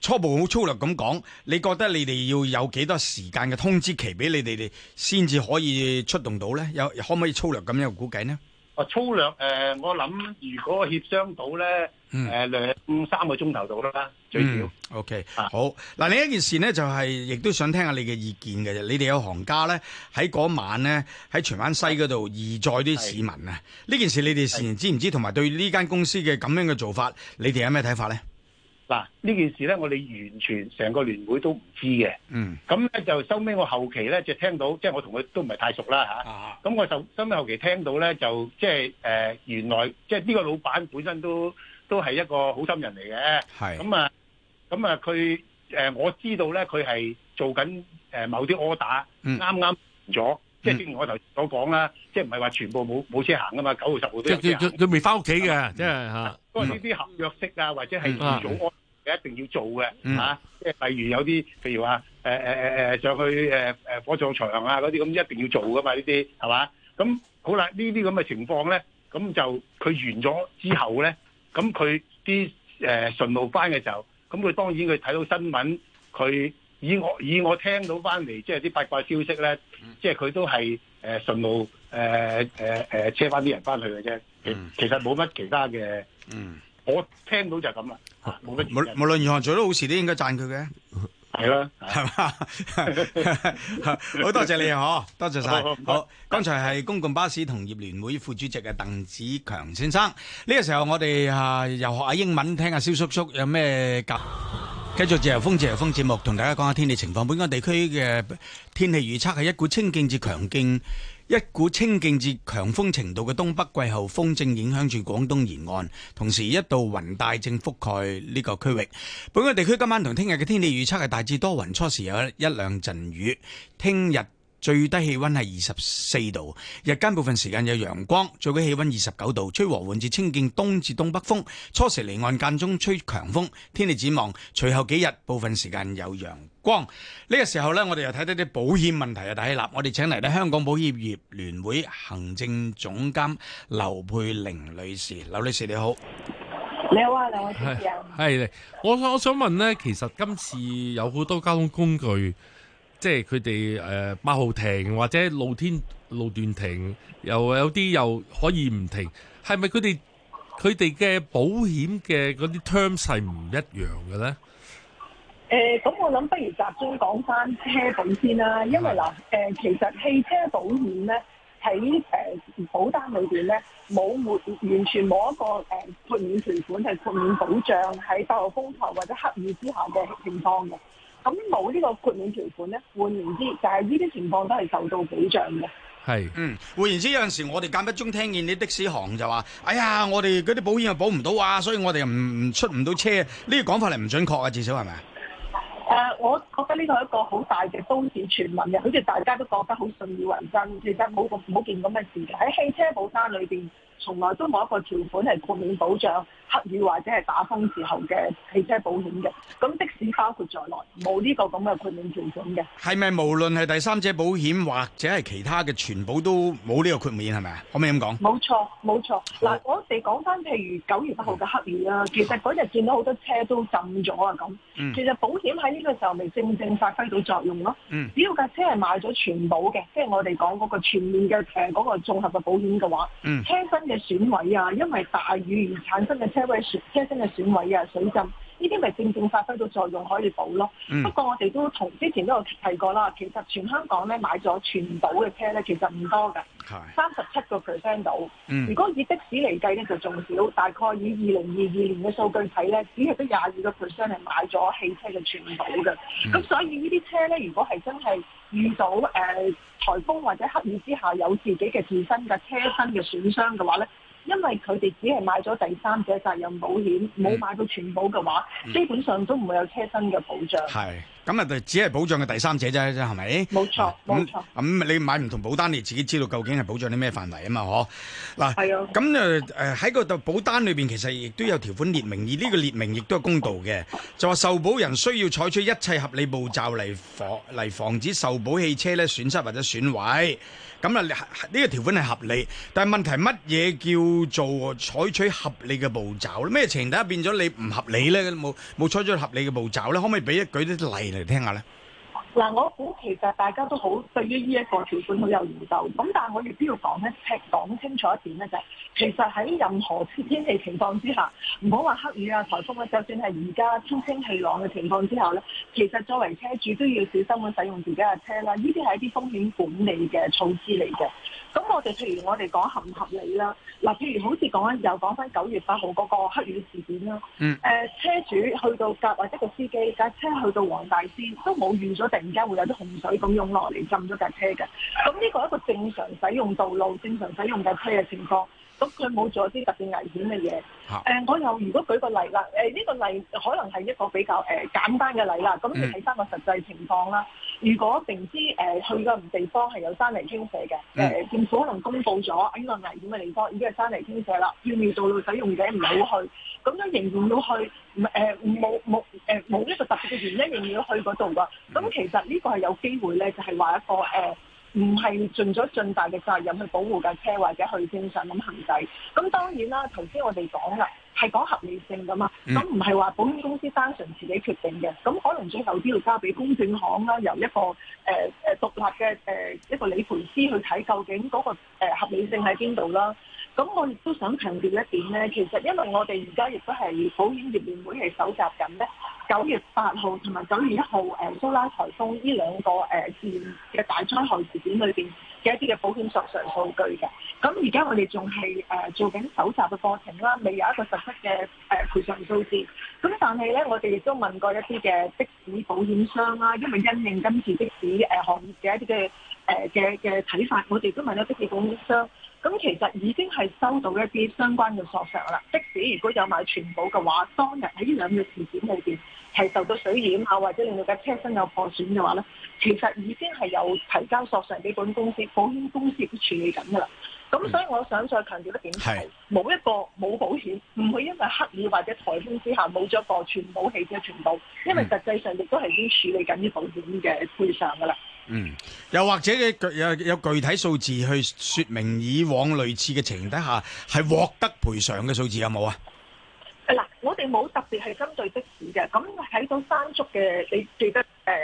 初步好粗略咁講，你覺得你哋要有幾多時間嘅通知期俾你哋哋先至可以出動到咧？有可唔可以粗略咁樣估計呢？粗略、呃、我諗如果協商到咧，誒兩三個鐘頭到啦，最少。嗯、okay、啊、好。嗱，另一件事呢，就係亦都想聽下你嘅意見嘅啫。你哋有行家咧喺嗰晚咧喺荃灣西嗰度義載啲市民啊。呢件事你哋事知唔知？同埋對呢間公司嘅咁樣嘅做法，你哋有咩睇法咧？嗱，呢件事咧，我哋完全成個聯會都唔知嘅。嗯，咁咧就收尾我後期咧就聽到，即係我同佢都唔係太熟啦嚇，啊，咁我就收尾後期聽到咧，就即係誒原來即係呢個老闆本身都都係一個好心人嚟嘅。咁啊咁啊佢誒我知道咧，佢係做緊誒某啲 order，啱啱完咗，即係正如我頭所講啦，即係唔係話全部冇冇車行㗎嘛，九號十號都有車行。佢佢未翻屋企嘅，即不過呢啲合約式啊，或者係預早安排一、嗯嗯啊呃呃，一定要做嘅嚇。即係例如有啲，譬如話誒誒誒上去誒誒火葬場啊嗰啲，咁一定要做噶嘛？呢啲係嘛？咁好啦，呢啲咁嘅情況咧，咁就佢完咗之後咧，咁佢啲誒順路翻嘅時候，咁佢當然佢睇到新聞，佢以我以我聽到翻嚟，即係啲八卦消息咧，即係佢都係誒順路誒誒誒車翻啲人翻去嘅啫，嗯。其實冇乜其他嘅。嗯，我聽到就係咁啦，無論如何做得好事，都應該讚佢嘅，係 [laughs] 啦是吧，係 [laughs] 嘛， [laughs] 好多謝你嗬， [laughs] 多謝晒。好，剛才係公共巴士同業聯會副主席嘅鄧子強先生。呢 [laughs] 個時候我哋啊，又學下英文，聽下蕭叔叔有咩夾。繼 [laughs] 續自由風，自由風節目，同大家講下天氣情況。本港地區嘅天氣預測係一股清勁至強勁。一股清勁至強風程度嘅東北季候風正影響住廣東沿岸，同時一道雲帶正覆蓋呢個區域。本港地區今晚同聽日嘅天氣預測係大致多雲，初時有一兩陣雨。聽日最低氣溫係二十四度，日間部分時間有陽光，最高氣溫二十九度，吹和緩至清勁東至東北風，初時離岸間中吹強風。天氣展望，隨後幾日部分時間有陽。光呢個時候呢，我哋又睇到啲保險問題啊！大立，我哋請嚟咧香港保險業聯會行政總監劉佩玲女士。劉女士你好，你好啊，兩位係。我，我想問呢，其實今次有好多交通工具，即係佢哋誒八號停或者露天路段停，又有啲又可以唔停，係咪佢哋佢哋嘅保險嘅嗰啲 terms 係唔一樣嘅呢？誒、呃、咁，我諗不如集中講翻車保先啦，因為嗱，誒、呃、其實汽車保險咧喺誒保單裏邊咧，冇沒完全冇一個誒、呃、豁免條款係豁免保障喺八號風球或者黑雨之下嘅情況嘅。咁冇呢個豁免條款咧，換言之，就係呢啲情況都係受到保障嘅。係，嗯，換言之，有陣時我哋間不中聽見啲的士行就話，哎呀，我哋嗰啲保險又保唔到啊，所以我哋又唔唔出唔到車。呢個講法係唔準確啊，至少係咪誒，我覺得呢個係一個好大嘅都市傳聞嘅，好似大家都覺得好信以為真，其實冇個冇件咁嘅事嘅，喺汽車保單裏邊，從來都冇一個條款係豁免保障黑雨或者係打風時候嘅汽車保險嘅，咁的士包括在內，冇呢個咁嘅豁免條款嘅，係咪無論係第三者保險或者係其他嘅全保都冇呢個豁免係咪啊？可唔可以咁講？冇錯，冇錯。嗱，我哋講返譬如九月八號嘅黑雨啊，其實嗰日見到好多車都浸咗啊咁。其實保險喺呢個時候未正正發揮到作用咯。嗯、只要架車係買咗全保嘅，即係我哋講嗰個全面嘅誒嗰個綜合嘅保險嘅話、嗯，車身嘅損毀啊，因為大雨而產生嘅車因為車身嘅損毀啊，水浸，呢啲咪正正發揮到作用可以補咯、嗯。不過我哋都同之前都有提過啦，其實全香港咧買咗全保嘅車咧，其實唔多噶，三十七個 percent 到。如果以的士嚟計咧，就仲少，大概以二零二二年嘅數據睇咧，只係得廿二個 percent 係買咗汽車嘅全保嘅。咁、嗯、所以這些呢啲車咧，如果係真係遇到誒、呃、颱風或者黑雨之下有自己嘅自身嘅車身嘅損傷嘅話咧。因為佢哋只係買咗第三者責任保險，冇買到全保嘅話，嗯嗯，基本上都唔會有車身嘅保障。係。咁啊，就只係保障嘅第三者啫，啫係咪？冇錯，冇錯。咁你買唔同保單，你自己知道究竟係保障啲咩範圍啊嘛？嗬。嗱，係啊，咁啊，誒喺個度保單裏邊，其實亦都有條款列明，而呢個列明亦都係公道嘅，就話受保人需要採取一切合理步驟嚟防嚟防止受保汽車咧損失或者損毀。咁啊，呢個條款係合理，但係問題乜嘢叫做採取合理嘅步驟咧？咩情底下變咗你唔合理咧？冇冇採取合理嘅步驟咧？可唔可以俾一舉啲例？嚟聽下咧，嗱，我估其實大家都好對於呢一個條款好有研究，咁但係我亦都要講咧，講清楚一點咧就，其實喺任何天氣情況之下，唔好話黑雨啊、颱風啊，就算係而家天清氣朗嘅情況之下咧，其實作為車主都要小心咁使用自己嘅車啦，呢啲係一啲風險管理嘅措施嚟嘅。咁我哋譬如我哋講合唔合理啦，嗱，譬如好似講緊又講翻九月八號嗰個黑雨事件啦、嗯呃，車主去到隔或者個司機架車去到黃大仙都冇預咗，突然間會有啲洪水咁湧落嚟浸咗架車嘅。咁呢個一個正常使用道路、正常使用架車嘅情況，咁佢冇做啲特別危險嘅嘢、嗯呃。我又如果舉個例啦，呢、呃呢個例可能係一個比較、呃、簡單嘅例啦，咁你睇翻個實際情況啦。如果明知誒、呃、去個地方係有山泥傾瀉嘅，誒、 [noise] 呃、政府可能公布咗喺個危險嘅地方已經係山泥傾瀉啦，要唔要道路使用者唔好去？咁樣仍然要去，誒冇冇誒冇一個特別嘅原因，仍然要去嗰度嘅。咁其實呢個係有機會咧，就係、是、話一個誒。呃唔係盡咗盡大嘅責任去保護架車，或者去正常咁行駛。咁當然啦，頭先我哋講啦，係講合理性㗎嘛。咁唔係話保險公司單純自己決定嘅。咁可能最後都要交俾公證行啦，由一個、呃、獨立嘅、呃、一個理賠師去睇究竟嗰、那個、呃、合理性喺邊度啦。咁我亦都想強調一點咧，其實因為我哋而家亦都係保險業聯會係搜集緊咧，九月八號同埋九月一號誒蘇拉颱風呢兩個自然嘅大災害事件裏邊嘅一啲嘅保險索償數據嘅。咁而家我哋仲係誒做緊搜集嘅過程啦，未有一個實質嘅誒賠償數字。咁但係咧，我哋亦都問過一啲嘅的，的士保險商啦，因為因應今次的士誒行業嘅一啲嘅誒嘅嘅睇法，我哋都問咗的士保險商。咁其實已經係收到一啲相關嘅索償啦。即使如果有買全保嘅話，當日喺呢兩個事件裏邊係受到水淹啊，或者令到架車身有破損嘅話咧，其實已經係有提交索償俾本公司，保險公司亦都處理緊噶啦。咁所以我想再強調一點，就係冇一個冇保險，唔會因為黑雨或者颱風之下冇咗個全保汽車全保，因為實際上亦都係已經處理緊啲保險嘅賠償噶啦。嗯，又或者你具有有具體數字去說明以往類似嘅情形底下係獲得賠償嘅數字有冇啊？嗱，我哋冇特別係針對的士嘅，咁喺到山竹嘅，你記得誒、呃、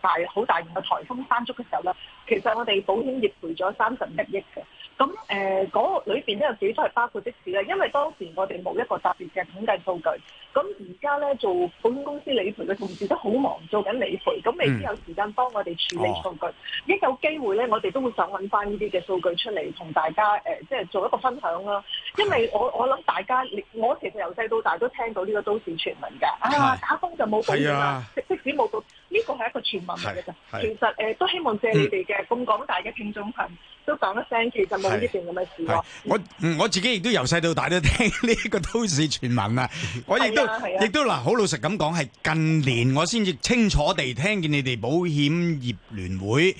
大好大型嘅台風山竹嘅時候咧，其實我哋保險業賠咗三十一億嘅。咁誒，嗰裏邊都有幾多係包括的士咧？因為當時我哋冇一個特別嘅統計數據。咁而家咧做保險公司理賠嘅同事都好忙，做緊理賠，咁未必有時間幫我哋處理數據。一有機會咧，我哋都會想搵返呢啲嘅數據出嚟，同大家誒，即係做一個分享啦。因為我我諗大家，我其實由細到大都聽到呢個都市傳聞嘅啊，打風就冇保險啦，的士冇保，呢個係一個傳聞嚟㗎。其實誒，都希望借你哋嘅咁廣大嘅聽眾羣，都講一聲，其實冇呢件咁嘅事喎。我我自己亦都由細到大都聽呢個都市傳聞啦。我亦都亦都嗱，好老實咁講，係近年我先至清楚地聽見你哋保險業聯會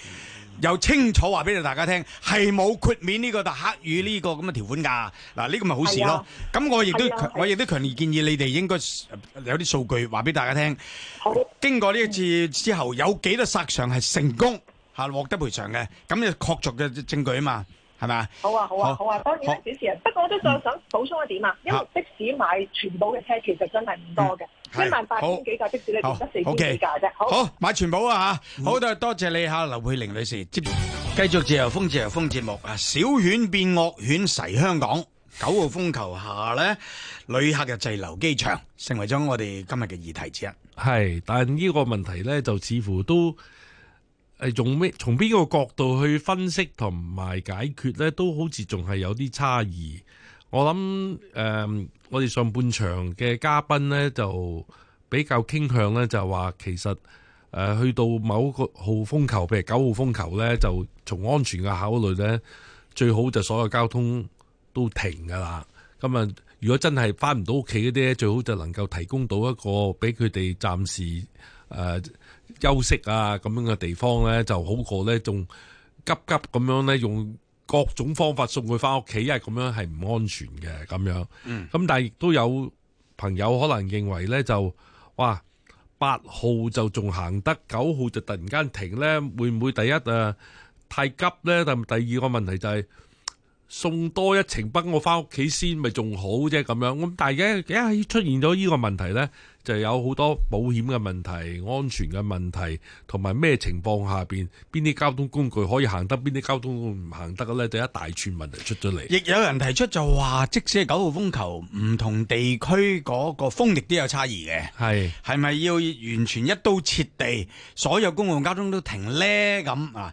又清楚話俾到大家聽，係冇豁免呢個黑雨呢個咁嘅條款噶。嗱，呢個咪好事咯。咁我亦都我亦都強烈建議你哋應該有啲數據話俾大家聽。經過呢一次之後，有幾多殺傷係成功？下、啊、獲得賠償嘅，咁你確鑿嘅證據啊嘛，係咪啊？好啊，好啊，好，好啊！當然主持人。不過我都再想補充一點啊，因為的士買全保嘅車，其實真係唔多嘅，一萬八千幾架的士，你得四千幾架啫。好買全保啊、嗯！好，多謝你吓，劉佩玲女士。接繼續自由風自由風節目啊！小犬變惡犬襲香港，九號風球下咧，旅客嘅滯留機場，成為咗我哋今日嘅議題之一。係，但呢個問題咧，就似乎都。係從咩？從邊個角度去分析同埋解決呢，都好似仲係有啲差異。我諗誒、嗯，我哋上半場嘅嘉賓呢，就比較傾向呢，就話其實誒、呃，去到某個號風球，譬如九號風球呢，就從安全嘅考慮呢，最好就所有交通都停㗎啦。咁啊，如果真係翻唔到屋企嗰啲呢，最好就能夠提供到一個俾佢哋暫時誒。呃休息啊咁樣嘅地方咧，就好過咧仲急急咁樣咧，用各種方法送佢翻屋企，一係咁樣係唔安全嘅咁樣。咁、嗯、但係亦都有朋友可能認為咧，就哇八號就仲行得，九號就突然間停咧，會唔會第一啊太急咧？但第二個問題就係、是、送多一程，幫我翻屋企先，咪仲好啫咁樣。咁但係而家一出現咗呢個問題咧。就有好多保險嘅問題、安全嘅問題，同埋咩情況下邊邊啲交通工具可以行得，邊啲交通工具唔行得呢？就一大串問題出咗嚟。亦有人提出就話，即使係九號風球，唔同地區嗰個風力都有差異嘅。係，係咪要完全一刀切地，所有公共交通都停呢？咁啊？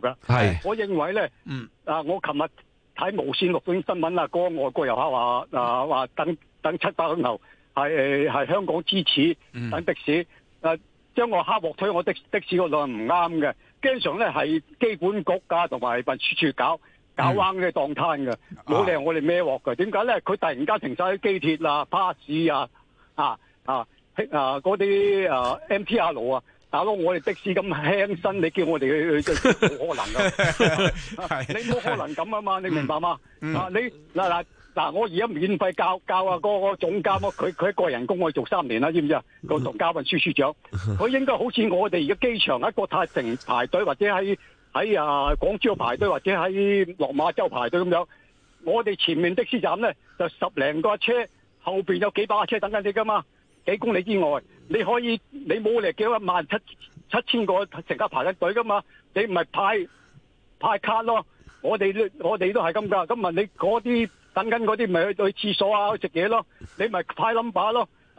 係，我認為咧，啊、嗯呃，我琴日睇無綫六點新聞啦，嗰個外國遊客話，啊、呃，話等等七百公后係係香港支持等的士，啊、嗯，將、呃、個黑鑊推我的的士度輪唔啱嘅，經常咧係機管局啊同埋運輸署搞搞彎嘅檔攤嘅，冇、嗯、理我哋孭鑊嘅，點解咧？佢突然間停晒啲機鐵啊、巴士啊、啊啊啊嗰啲 M T R 路啊。打到我哋的士咁輕身，你叫我哋去去，冇 [laughs] 可能噶、 [laughs] 啊。你冇可能咁啊嘛， [laughs] 你明白嘛、 [laughs] 啊？啊，你嗱嗱嗱，我而家免費教教啊個個總監啊，佢佢個人工我做三年啦，知唔知啊？個總監運輸處長，佢應該好似我哋而家機場一個國泰城排隊，或者喺喺啊廣州排隊，或者喺落馬洲排隊咁樣。我哋前面的士站咧就十零個車，後面有幾百個車等緊你噶嘛。幾公里之外，你可以你冇嚟，幾多一萬七七千個成家排一隊噶嘛？你唔係派派卡咯？我哋我哋都係咁噶，咁咪你嗰啲等緊嗰啲咪去去廁所啊去食嘢咯？你咪派 number 咯。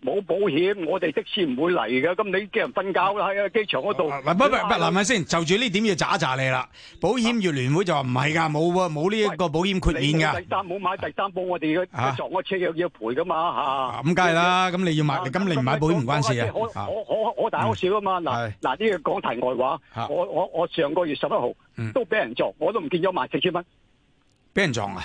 冇保險，我哋的士唔會嚟嘅。咁你啲人瞓覺喺機場嗰度。唔係唔嗱咪先就住呢點要詐一詐你啦。保險業、啊、聯會就話唔係㗎，冇喎，冇呢一個保險豁免㗎。第三冇買第三，買第三，買第三保我，我哋嘅撞我車又要賠㗎嘛嚇。咁梗係啦，咁、啊、你要買，咁、啊、你唔買保險唔關事、啊。我我我我大口笑啊嘛。嗱嗱呢個講題外話。我我我上個月十一號都俾人撞，我都唔見咗萬四千蚊。俾人撞啊！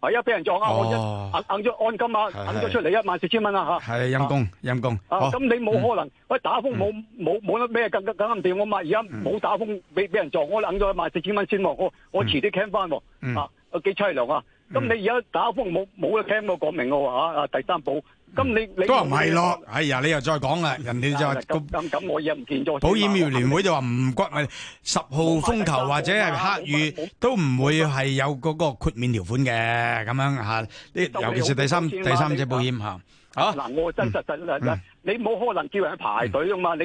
係、哦、啊！俾人撞啊！我一揞咗按金啊，揞咗出嚟一萬四千蚊啊。吓！係陰公陰公，咁你冇可能喂，打風冇冇冇乜咩更咁更掂？我咪而家冇打風俾俾人撞，我揞咗一萬四千蚊先喎。我我遲啲 claim 翻，喎，啊，幾凄涼啊！咁、啊嗯嗯、你而家打風冇冇得 claim 我講明我吓啊，第三步。咁你你都話唔係咯？哎呀，你又再講啊！人哋就話咁咁，我亦唔見咗保險業聯會就話唔骨咪十號風球或者係黑雨都唔會係有嗰個豁免條款嘅咁樣嚇。你尤其是第三第三者保險嚇，嚇嗱我真實真啦，你冇可能叫人去排隊啊嘛？你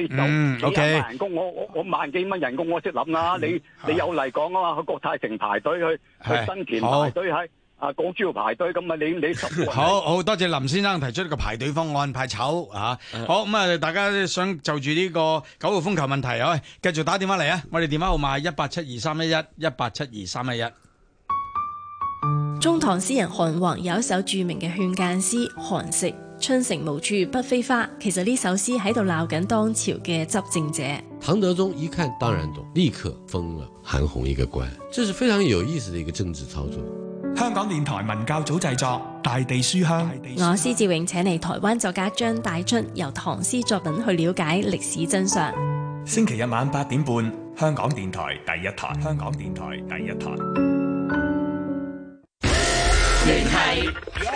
有幾廿萬人工，我我我萬幾蚊人工，我識諗啦。你你有嚟講啊嘛？去國泰城排隊去去新田排隊喺。啊！港珠要排隊，咁咪你你十 [laughs] 好好多謝林先生提出呢個排隊方案，排籌啊！嗯、好咁啊、嗯嗯，大家想就住呢個九號風球問題，繼續打電話嚟啊！我哋電話號碼一八七二三一一一八七二三一一。中唐詩人韓翃有一首著名嘅勸諫詩《寒食春城無處不飛花》，其實呢首詩喺度鬧緊當朝嘅執政者。唐德宗一看，當然懂，立刻封了韓翃一個官。這是非常有意思的一個政治操作。香港電台文教組製作《大地書香》書，我施志永請嚟台灣作家張大春，由唐詩作品去了解歷史真相。星期日晚八點半，香港電台第一台。香港電台第一台。原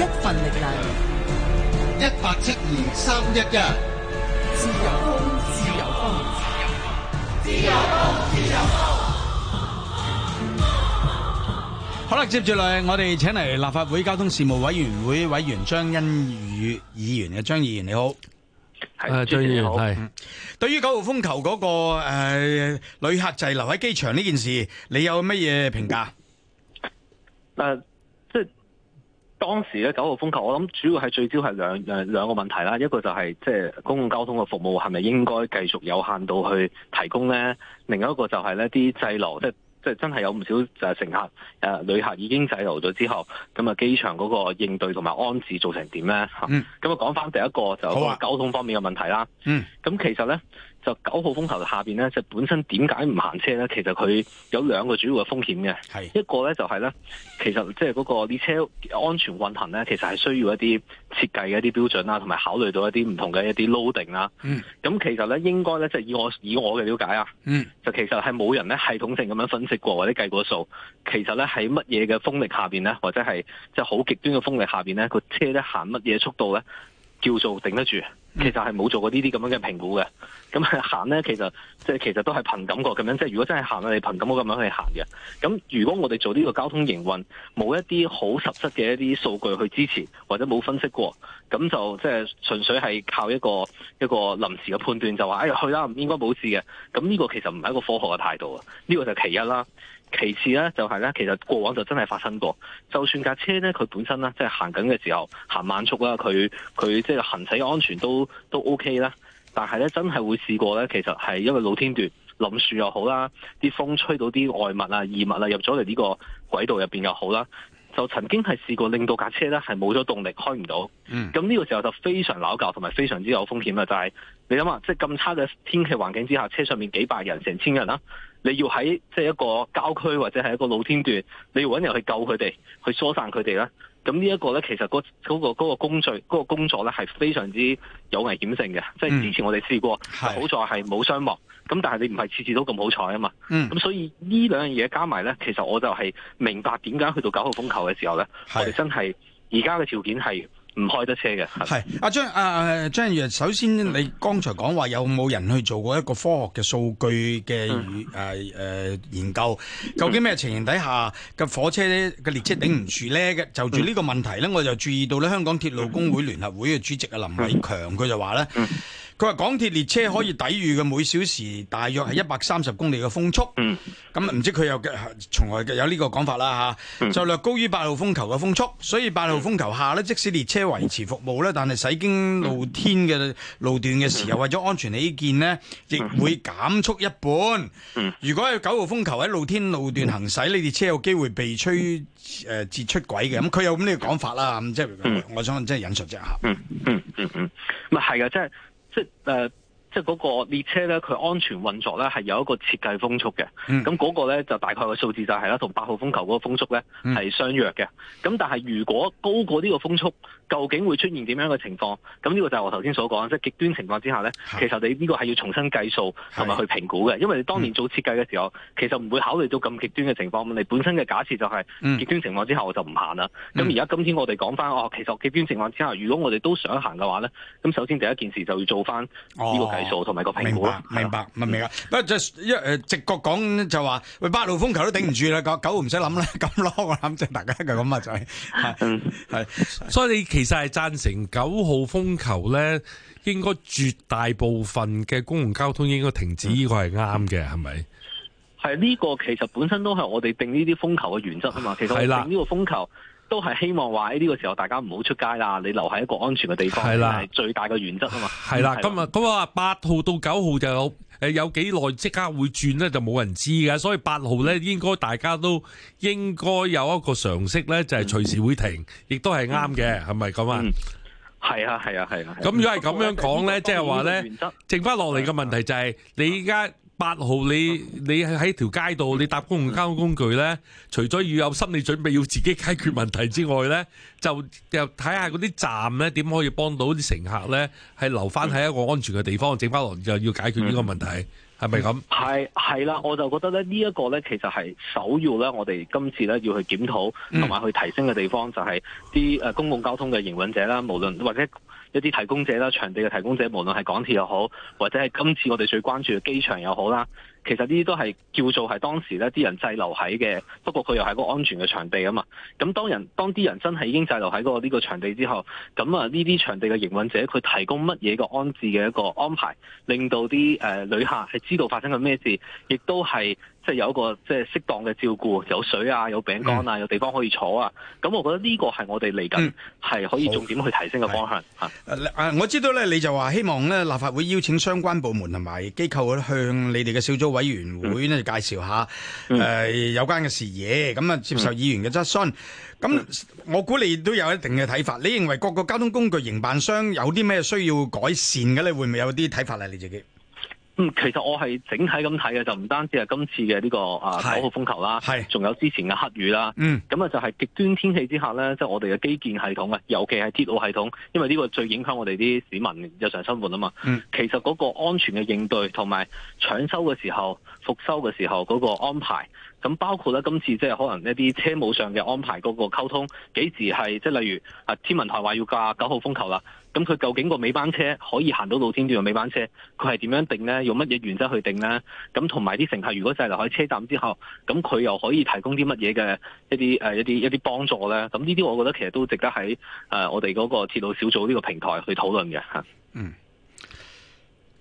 一份力量，一八七二三一一。自由風，自由風，自由，自由風，自由風。好啦，接住嚟，我哋請嚟立法會交通事務委員會委員張欣宇議員嘅，張議員你好。係張議員，係。對於九號風球嗰、那個誒、呃、旅客滯留喺機場呢件事，你有乜嘢評價？誒、啊。當時咧九號風球，我諗主要係最焦係兩誒兩個問題啦，一個就係、是、即、就是、公共交通嘅服務係咪應該繼續有限度去提供咧？另一個就係咧啲滯留，即即係真係有唔少誒乘客誒、呃、旅客已經滯留咗之後，咁啊機場嗰個應對同埋安置做成點咧？嚇、嗯，咁啊講翻第一個就是、交通方面嘅問題啦、啊。嗯，咁其實咧。就九號風球下邊咧，就本身點解唔行車咧？其實佢有兩個主要嘅風險嘅。係一個咧就係、是、咧，其實即係嗰個啲車安全運行咧，其實係需要一啲設計嘅一啲標準啦、啊，同埋考慮到一啲唔同嘅一啲 loading 啦、啊。嗯，咁其實咧應該咧，即、就、係、是、以我以我嘅了解啊，嗯，就其實係冇人咧系統性咁樣分析過或者計過數。其實咧喺乜嘢嘅風力下邊咧，或者係即係好極端嘅風力下邊咧，個車咧行乜嘢速度咧？叫做頂得住，其實係冇做過呢啲咁樣嘅評估嘅。咁行咧，其實即係其實都係憑感覺咁樣。即係如果真係行啊，你憑感覺咁樣去行嘅。咁如果我哋做呢個交通營運，冇一啲好實質嘅一啲數據去支持，或者冇分析過，咁就即係純粹係靠一個一個臨時嘅判斷，就話哎呀去啦，應該冇事嘅。咁呢個其實唔係一個科學嘅態度啊。呢個就係其一啦。其次咧，就係、是、咧，其實過往就真係發生過。就算架車咧，佢本身呢，即係行緊嘅時候行慢速啦，佢佢即係行駛安全都都 OK 啦。但係咧，真係會試過咧，其實係因為露天段，冧樹又好啦，啲風吹到啲外物啊、異物啊入咗嚟呢個軌道入邊又好啦，就曾經係試過令到架車咧係冇咗動力開唔到。咁、嗯、呢個時候就非常撓搞同埋非常之有風險啦，就係、是、你諗下，即係咁差嘅天氣環境之下，車上面幾百人、成千人啦、啊。你要喺即係一個郊區或者係一個露天段，你要搵人去救佢哋，去疏散佢哋啦。咁呢一個咧，其實嗰、嗰個、嗰個嗰工序嗰、嗰個工作咧，係非常之有危險性嘅。即、嗯、係之前我哋試過，好在係冇傷亡。咁但係你唔係次次都咁好彩啊嘛。咁、嗯、所以兩呢兩樣嘢加埋咧，其實我就係明白點解去到九號風球嘅時候咧，我哋真係而家嘅條件係。唔開得車嘅係。阿張、阿張宇，首先你剛才講話，有冇人去做過一個科學嘅數據嘅誒誒研究？究竟咩情形底下嘅火車嘅列車頂唔住咧？嘅就住呢、嗯、就個問題咧，我就注意到咧，香港鐵路工會聯合會嘅主席阿林偉強佢就話咧。嗯佢話港鐵列車可以抵御嘅每小時大約係一百三十公里嘅風速，咁唔知佢又從來有呢個講法啦吓，就略高於八號風球嘅風速，所以八號風球下呢，即使列車維持服務咧，但係駛經露天嘅路段嘅時候，為咗安全起見呢，亦會減速一半。如果喺九號風球喺露天路段行駛，你列車有機會被吹誒截、呃、出軌嘅，咁佢有咁呢個講法啦，咁即係我想真係引述一下。嗯嗯嗯係嘅，即、嗯、係。嗯嗯即係誒、呃，即係嗰個列車咧，佢安全運作咧，係有一個設計風速嘅。咁、嗯、嗰個咧就大概個數字就係、是、啦，同八號風球嗰個風速咧係、嗯、相約嘅。咁但係如果高過呢個風速，究竟會出現點樣嘅情況？咁呢個就係我頭先所講，即係極端情況之下咧，其實你呢個係要重新計數同埋去評估嘅，因為你當年做設計嘅時候，嗯、其實唔會考慮到咁極端嘅情況。你本身嘅假設就係極端情況之下，我就唔行啦。咁而家今天我哋講翻哦，其實極端情況之下，如果我哋都想行嘅話咧，咁首先第一件事就要做翻呢個計數同埋個評估啦、哦。明白，明白，明唔明啊？不過即係一誒直覺講就話喂八號風球都頂唔住啦，九唔使諗啦，咁咯，我諗即係大家就咁啊、就是，就係係，所以你其實係贊成九號風球咧，應該絕大部分嘅公共交通應該停止，呢、嗯，呢個係啱嘅，係咪？係呢、呢個其實本身都係我哋定呢啲風球嘅原則啊嘛。其實定呢個風球都係希望話喺呢個時候大家唔好出街啦，你留喺一個安全嘅地方係啦，係，係最大嘅原則啊嘛。係啦，今日咁啊，八號到九號就有。誒，有幾耐即刻會轉呢？就冇人知㗎。所以八號呢，應該大家都應該有一個常識呢，就係隨時會停，亦都係啱嘅，係咪咁啊？係啊，係啊，係啊。咁如果係咁樣講呢，即係話呢，剩翻落嚟嘅問題就係你而家，八號你你喺喺條街度，你搭公共交通工具呢，除咗要有心理準備，要自己解決問題之外呢，就就睇下嗰啲站呢點可以幫到啲乘客呢，係留翻喺一個安全嘅地方，整翻落就要解決呢個問題。係咪咁？係係啦，我就覺得咧，呢一個咧，其實係首要咧，我哋今次咧要去檢討同埋去提升嘅地方，就係啲公共交通嘅營運者啦，無論或者一啲提供者啦，場地嘅提供者，無論係港鐵又好，或者係今次我哋最關注嘅機場又好啦。其實呢啲都係叫做係當時呢啲人滯留喺嘅。不過佢又係一個安全嘅場地啊嘛。咁當人當啲人真係已經滯留喺嗰個呢個場地之後，咁啊呢啲場地嘅營運者佢提供乜嘢嘅安置嘅一個安排，令到啲誒旅客係知道發生緊咩事，亦都係。即係有一個即係適當嘅照顧，有水啊，有餅乾啊，嗯、有地方可以坐啊。咁我覺得呢個係我哋嚟緊係可以重點去提升嘅方向。誒、嗯啊啊啊，我知道咧，你就話希望咧，立法會邀請相關部門同埋機構向你哋嘅小組委員會咧、嗯、介紹下誒、嗯呃、有關嘅事宜。咁啊，接受議員嘅質詢。咁、嗯嗯、我估你都有一定嘅睇法、嗯。你認為各個交通工具營辦商有啲咩需要改善嘅？你會唔會有啲睇法咧？你自己會會？其實我係整體咁睇嘅，就唔單止係今次嘅呢個啊九號風球啦，係仲有之前嘅黑雨啦。嗯，咁啊就係極端天氣之下咧，即係我哋嘅基建系統啊，尤其係鐵路系統，因為呢個最影響我哋啲市民日常生活啊嘛、嗯。其實嗰個安全嘅應對同埋搶修嘅時候、復修嘅時候嗰個安排，咁包括咧今次即係可能一啲車務上嘅安排嗰個溝通，幾時係即係例如啊天文台話要架九號風球啦。咁佢究竟個尾班車可以行到露天段嘅尾班車，佢係點樣定呢？用乜嘢原則去定呢？咁同埋啲乘客如果滯留喺車站之後，咁佢又可以提供啲乜嘢嘅一啲誒、呃、一啲一啲幫助呢？咁呢啲我覺得其實都值得喺誒、呃、我哋嗰個鐵路小組呢個平台去討論嘅吓。嗯。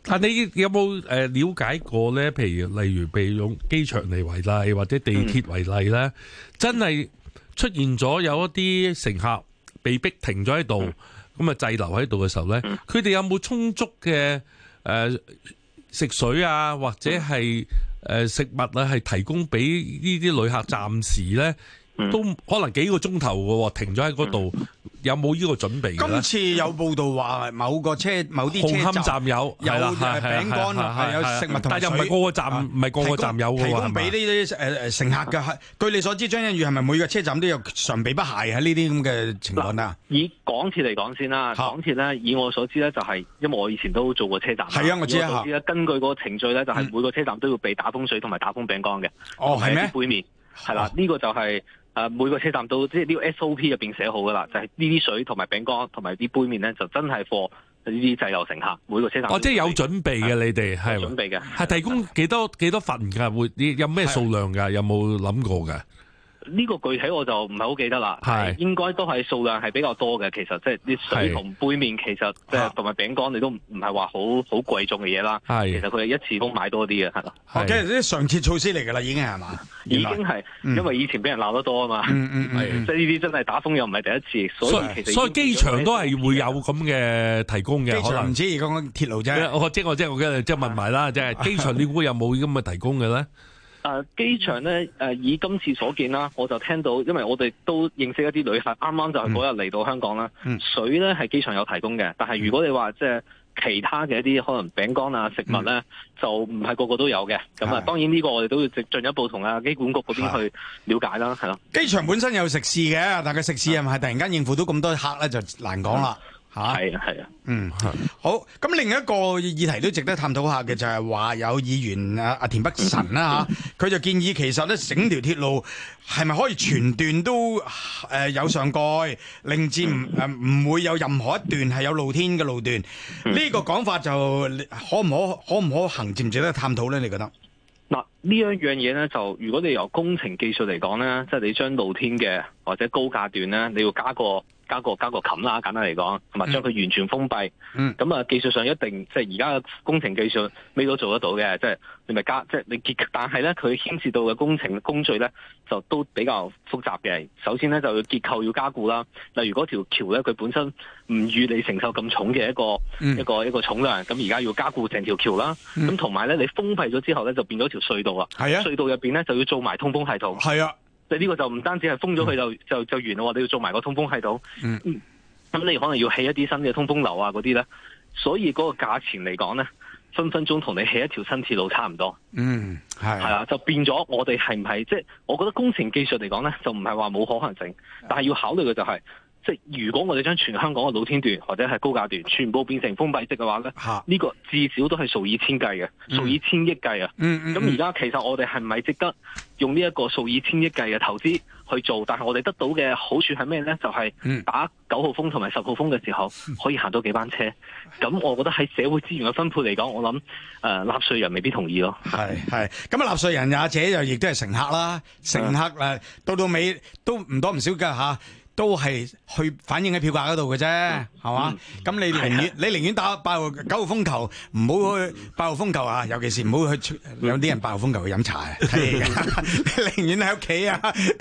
但你有冇誒了解過呢？譬如例如被用機場嚟為例，或者地鐵為例呢？嗯、真係出現咗有一啲乘客被逼停咗喺度。嗯咁啊，滯留喺度嘅時候咧，佢哋有冇充足嘅誒食水啊，或者係誒食物啊，係提供俾呢啲旅客暫時咧？嗯、都可能幾個鐘頭喎，停咗喺嗰度，有冇呢個準備？今次有報道話某個車某啲車站有站有，有餅乾，有食物同，但又唔係個個站唔係個個站有嘅喎。提供俾呢啲誒乘客嘅係，據你所知，張欣宇係咪每個車站都有常備不懈喺呢啲咁嘅情況啦啊？以港鐵嚟講先啦，港鐵咧，以我所知咧、就是，就係因為我以前都做過車站，係啊，我知，我知啊，根據嗰個程序咧，就係每個車站都要備打風水同埋打風餅乾嘅。哦、啊，係咩？背面係啦，呢、啊這個就係、是。誒、呃，每個車站都即係呢個 SOP 入邊寫好噶啦，就係、是、呢啲水同埋餅乾同埋啲杯麵咧，就真係畀呢啲滯留乘客。每個車站都哦，即係有準備嘅、啊，你哋係、啊、準備嘅，係提供幾多幾多份噶？會有咩數量噶？有冇諗過嘅？呢、個具體我就唔係好記得啦，係應該都係數量係比較多嘅。其實即係啲水同杯麵，是其實即係同埋餅乾不是很，你都唔係話好好貴重嘅嘢啦。係其實佢係一次過買多啲嘅，係咯。即係啲常設措施嚟噶啦，已經係嘛？已經係因為以前俾人鬧得多啊嘛。即係呢啲真係打風又唔係第一次，所以，所以，所以其實所以機場都係會有咁嘅提供嘅。可唔知，而家鐵路仔？我即係我即係我即係問埋啦，即係 [laughs] 機場你估有冇咁嘅提供嘅咧？誒、啊、機場咧誒，以今次所見啦，我就聽到，因為我哋都認識一啲旅客，啱啱就係嗰日嚟到香港啦、嗯。水咧係機場有提供嘅，但係如果你話即係其他嘅一啲可能餅乾啊食物咧、嗯，就唔係個個都有嘅。咁啊，當然呢個我哋都要進進一步同啊機管局嗰邊去了解啦，係咯。機場本身有食肆嘅，但佢食肆係咪突然間應付到咁多客咧就難講啦。吓，係啊，係啊。啊、嗯，好，咁另一個議題都值得探討下，嘅就係話有議員啊阿、田北辰，啦吓，佢就建議其實咧，整條鐵路係咪可以全段都誒有上蓋，令至唔、誒、唔會有任何一段係有露天嘅路段呢？嗯，這個講法就可唔可、可唔可行，值唔值得探討咧？你覺得嗱，呢樣、樣嘢咧就如果你由工程技術嚟講咧，即係你將露天嘅或者高架段咧，你要加個。加個加個冚啦，簡單嚟講，同、嗯、埋將佢完全封閉。咁、嗯、啊，技術上一定即係而家嘅工程技術，咩都做得到嘅。即、就、係、是、你咪加，即、就、係、是、你結但係咧，佢牽涉到嘅工程工序咧，就都比較複雜嘅。首先咧，就要結構要加固啦。例如嗰條橋咧，佢本身唔預你承受咁重嘅一個、嗯、一個一個重量。咁而家要加固成條橋啦。咁同埋咧，你封閉咗之後咧，就變咗條隧道啦，係啊，隧道入面咧就要做埋通風系統。係啊。即、這、呢個就唔單止係封咗佢就就就完咯，你要做埋個通風系統，咁、嗯嗯、你可能要起一啲新嘅通風樓啊嗰啲咧，所以嗰個價錢嚟講咧，分分鐘同你起一條新鐵路差唔多。嗯，係，係啊，就變咗我哋係唔係即係我覺得工程技術嚟講咧，就唔係話冇可能性，但係要考慮嘅就係、是。即係如果我哋將全香港嘅老天段或者係高架段全部變成封閉式嘅話咧，呢、啊這個至少都係數以千計嘅，數、嗯、以千億計啊！咁而家其實我哋係咪值得用呢一個數以千億計嘅投資去做？但係我哋得到嘅好處係咩咧？就係、是、打九號風同埋十號風嘅時候，可以行到幾班車。咁我覺得喺社會資源嘅分配嚟講，我諗誒，納、呃、稅人未必同意咯。係係咁啊！納稅人也者又亦都係乘客啦，乘客啦，到到尾都唔多唔少噶吓。啊都係去反映喺票價嗰度嘅啫，係嘛？咁、嗯、你寧願你寧願打八號九號風球，唔好去八號風球啊！尤其是唔好去出有啲人八號風球去飲茶、嗯、 [laughs] 你啊！寧願喺屋企啊，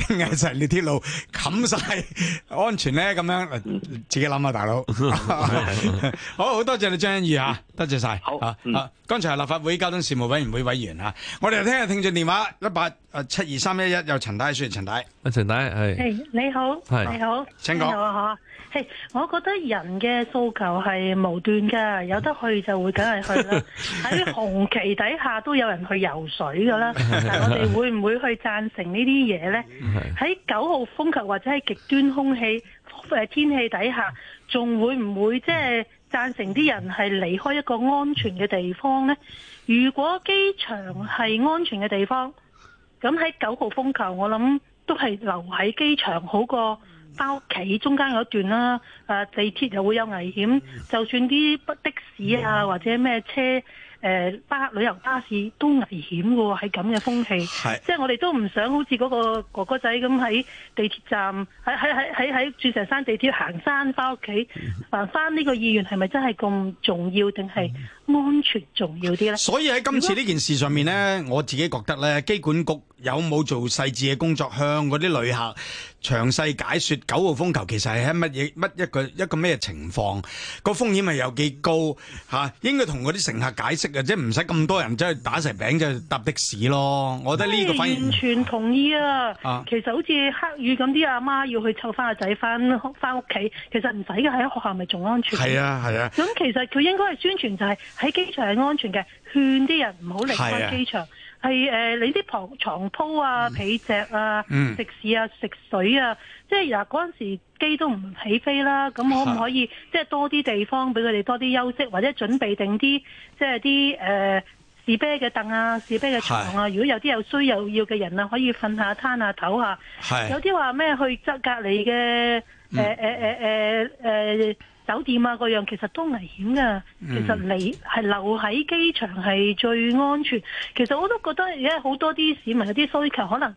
定係成條鐵路冚晒安全咧咁樣，自己諗啊，大佬。 [laughs] [laughs] 好好多謝你張欣宇嚇，多謝晒。好啊、嗯，剛才係立法會交通事務委員會委員嚇，我哋聽日聽住電話一八啊七二三一一，1872311, 有陳太説，陳太，阿陳太，係、hey。你好。係你好。好，請講、嗯。好啊、啊、hey, 我覺得人嘅訴求係無端噶，有得去就會梗係去啦。喺 [laughs] 紅旗底下都有人去游水噶啦，但係我哋會唔會去贊成這些東西、呢啲嘢咧？喺 [laughs] 九號風球或者係極端空氣誒天氣底下，仲會唔會即係贊成啲人係離開一個安全嘅地方咧？如果機場係安全嘅地方，咁喺九號風球，我諗都係留喺機場好過。翻屋企中間嗰段啦，地鐵又會有危險，就算啲的士啊或者咩車，誒、呃、包旅遊巴士都危險嘅喎，係咁嘅風氣。係，即係、就是、我哋都唔想好似嗰個哥哥仔咁喺地鐵站，喺喺喺喺喺鑽石山地鐵行山翻屋企，行翻呢個意願係咪真係咁重要，定係安全重要啲呢？所以喺今次呢件事上面呢，我自己覺得呢機管局。有冇做細緻嘅工作，向嗰啲旅客詳細解說九號風球其實係喺乜嘢乜一個一個咩情況？個風險咪有幾高吓、啊？應該同嗰啲乘客解釋，即係唔使咁多人即係打成餅，就搭的士咯。我覺得呢個反應完全同意啊！啊啊其實好似黑雨咁，啲阿媽要去湊翻個仔翻翻屋企，其實唔使嘅，喺學校咪仲安全。係啊係啊。咁、啊、其實佢應該係宣傳就係喺機場係安全嘅，勸啲人唔好離開機場。係誒、呃，你啲床鋪啊、被席啊、嗯、食肆啊、食水啊，嗯、即係日嗰陣時機都唔起飛啦。咁可唔可以即係多啲地方俾佢哋多啲休息，或者準備定啲即係啲誒士啤嘅凳啊、士啤嘅床啊。如果有啲有需要嘅人啊，可以瞓下攤下唞下。係有啲話咩去側隔籬嘅。誒誒誒誒誒，酒店啊嗰樣其實都危險噶。其實你係留喺機場係最安全。其實我都覺得而家好多啲市民有啲需求，可能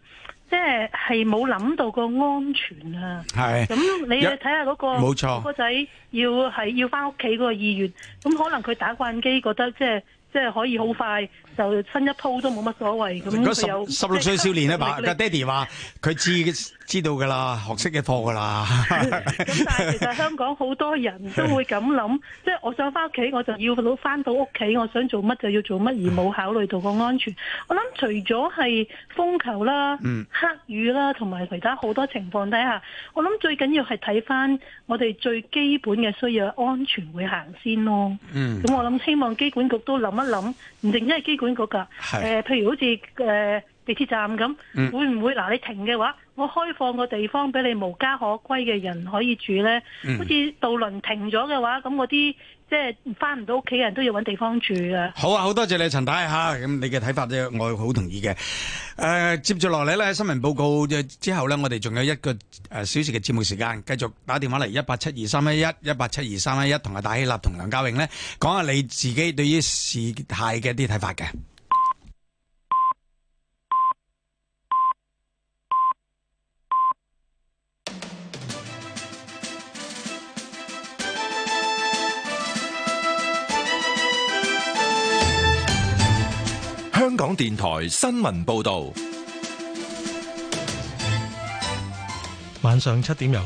即係係冇諗到個安全啊。係。咁你睇下嗰、冇錯個仔要係要翻屋企嗰個意願，咁可能佢打慣機，覺得即係即係可以好快。就新一鋪都冇乜所謂咁。如、那、果、個、十有十六歲少年吖嘛、就是，爸個爹哋話佢知知道㗎喇，學識嘅課㗎喇。咁 [laughs] 但係其實香港好多人都會咁諗，即 [laughs] 係我想翻屋企，我就要到翻到屋企，我想做乜就要做乜、嗯，而冇考慮到個安全。我諗除咗係風球啦、嗯、黑雨啦，同埋其他好多情況底下，我諗最緊要係睇翻我哋最基本嘅需要，安全會先行先咯。嗯。咁我諗希望機管局都諗一諗，唔淨因係機。管局噶係，誒、呃，譬如好似誒、呃、地鐵站咁、嗯，會唔會嗱你停嘅話，我開放個地方俾你無家可歸嘅人可以住咧？好似渡輪停咗嘅話，咁我啲。即係翻唔到屋企嘅人都要揾地方住啊！好啊，好多謝你，陳太吓，咁，你嘅睇法咧，我好同意嘅。誒、呃，接住落嚟咧，新聞報告嘅之後咧，我哋仲有一個誒、呃、小時嘅節目時間，繼續打電話嚟一八七二三一一一八七二三一一，同阿戴希立同梁家穎咧講下你自己對於事態嘅一啲睇法嘅。香港電台新聞報道，晚上七點有。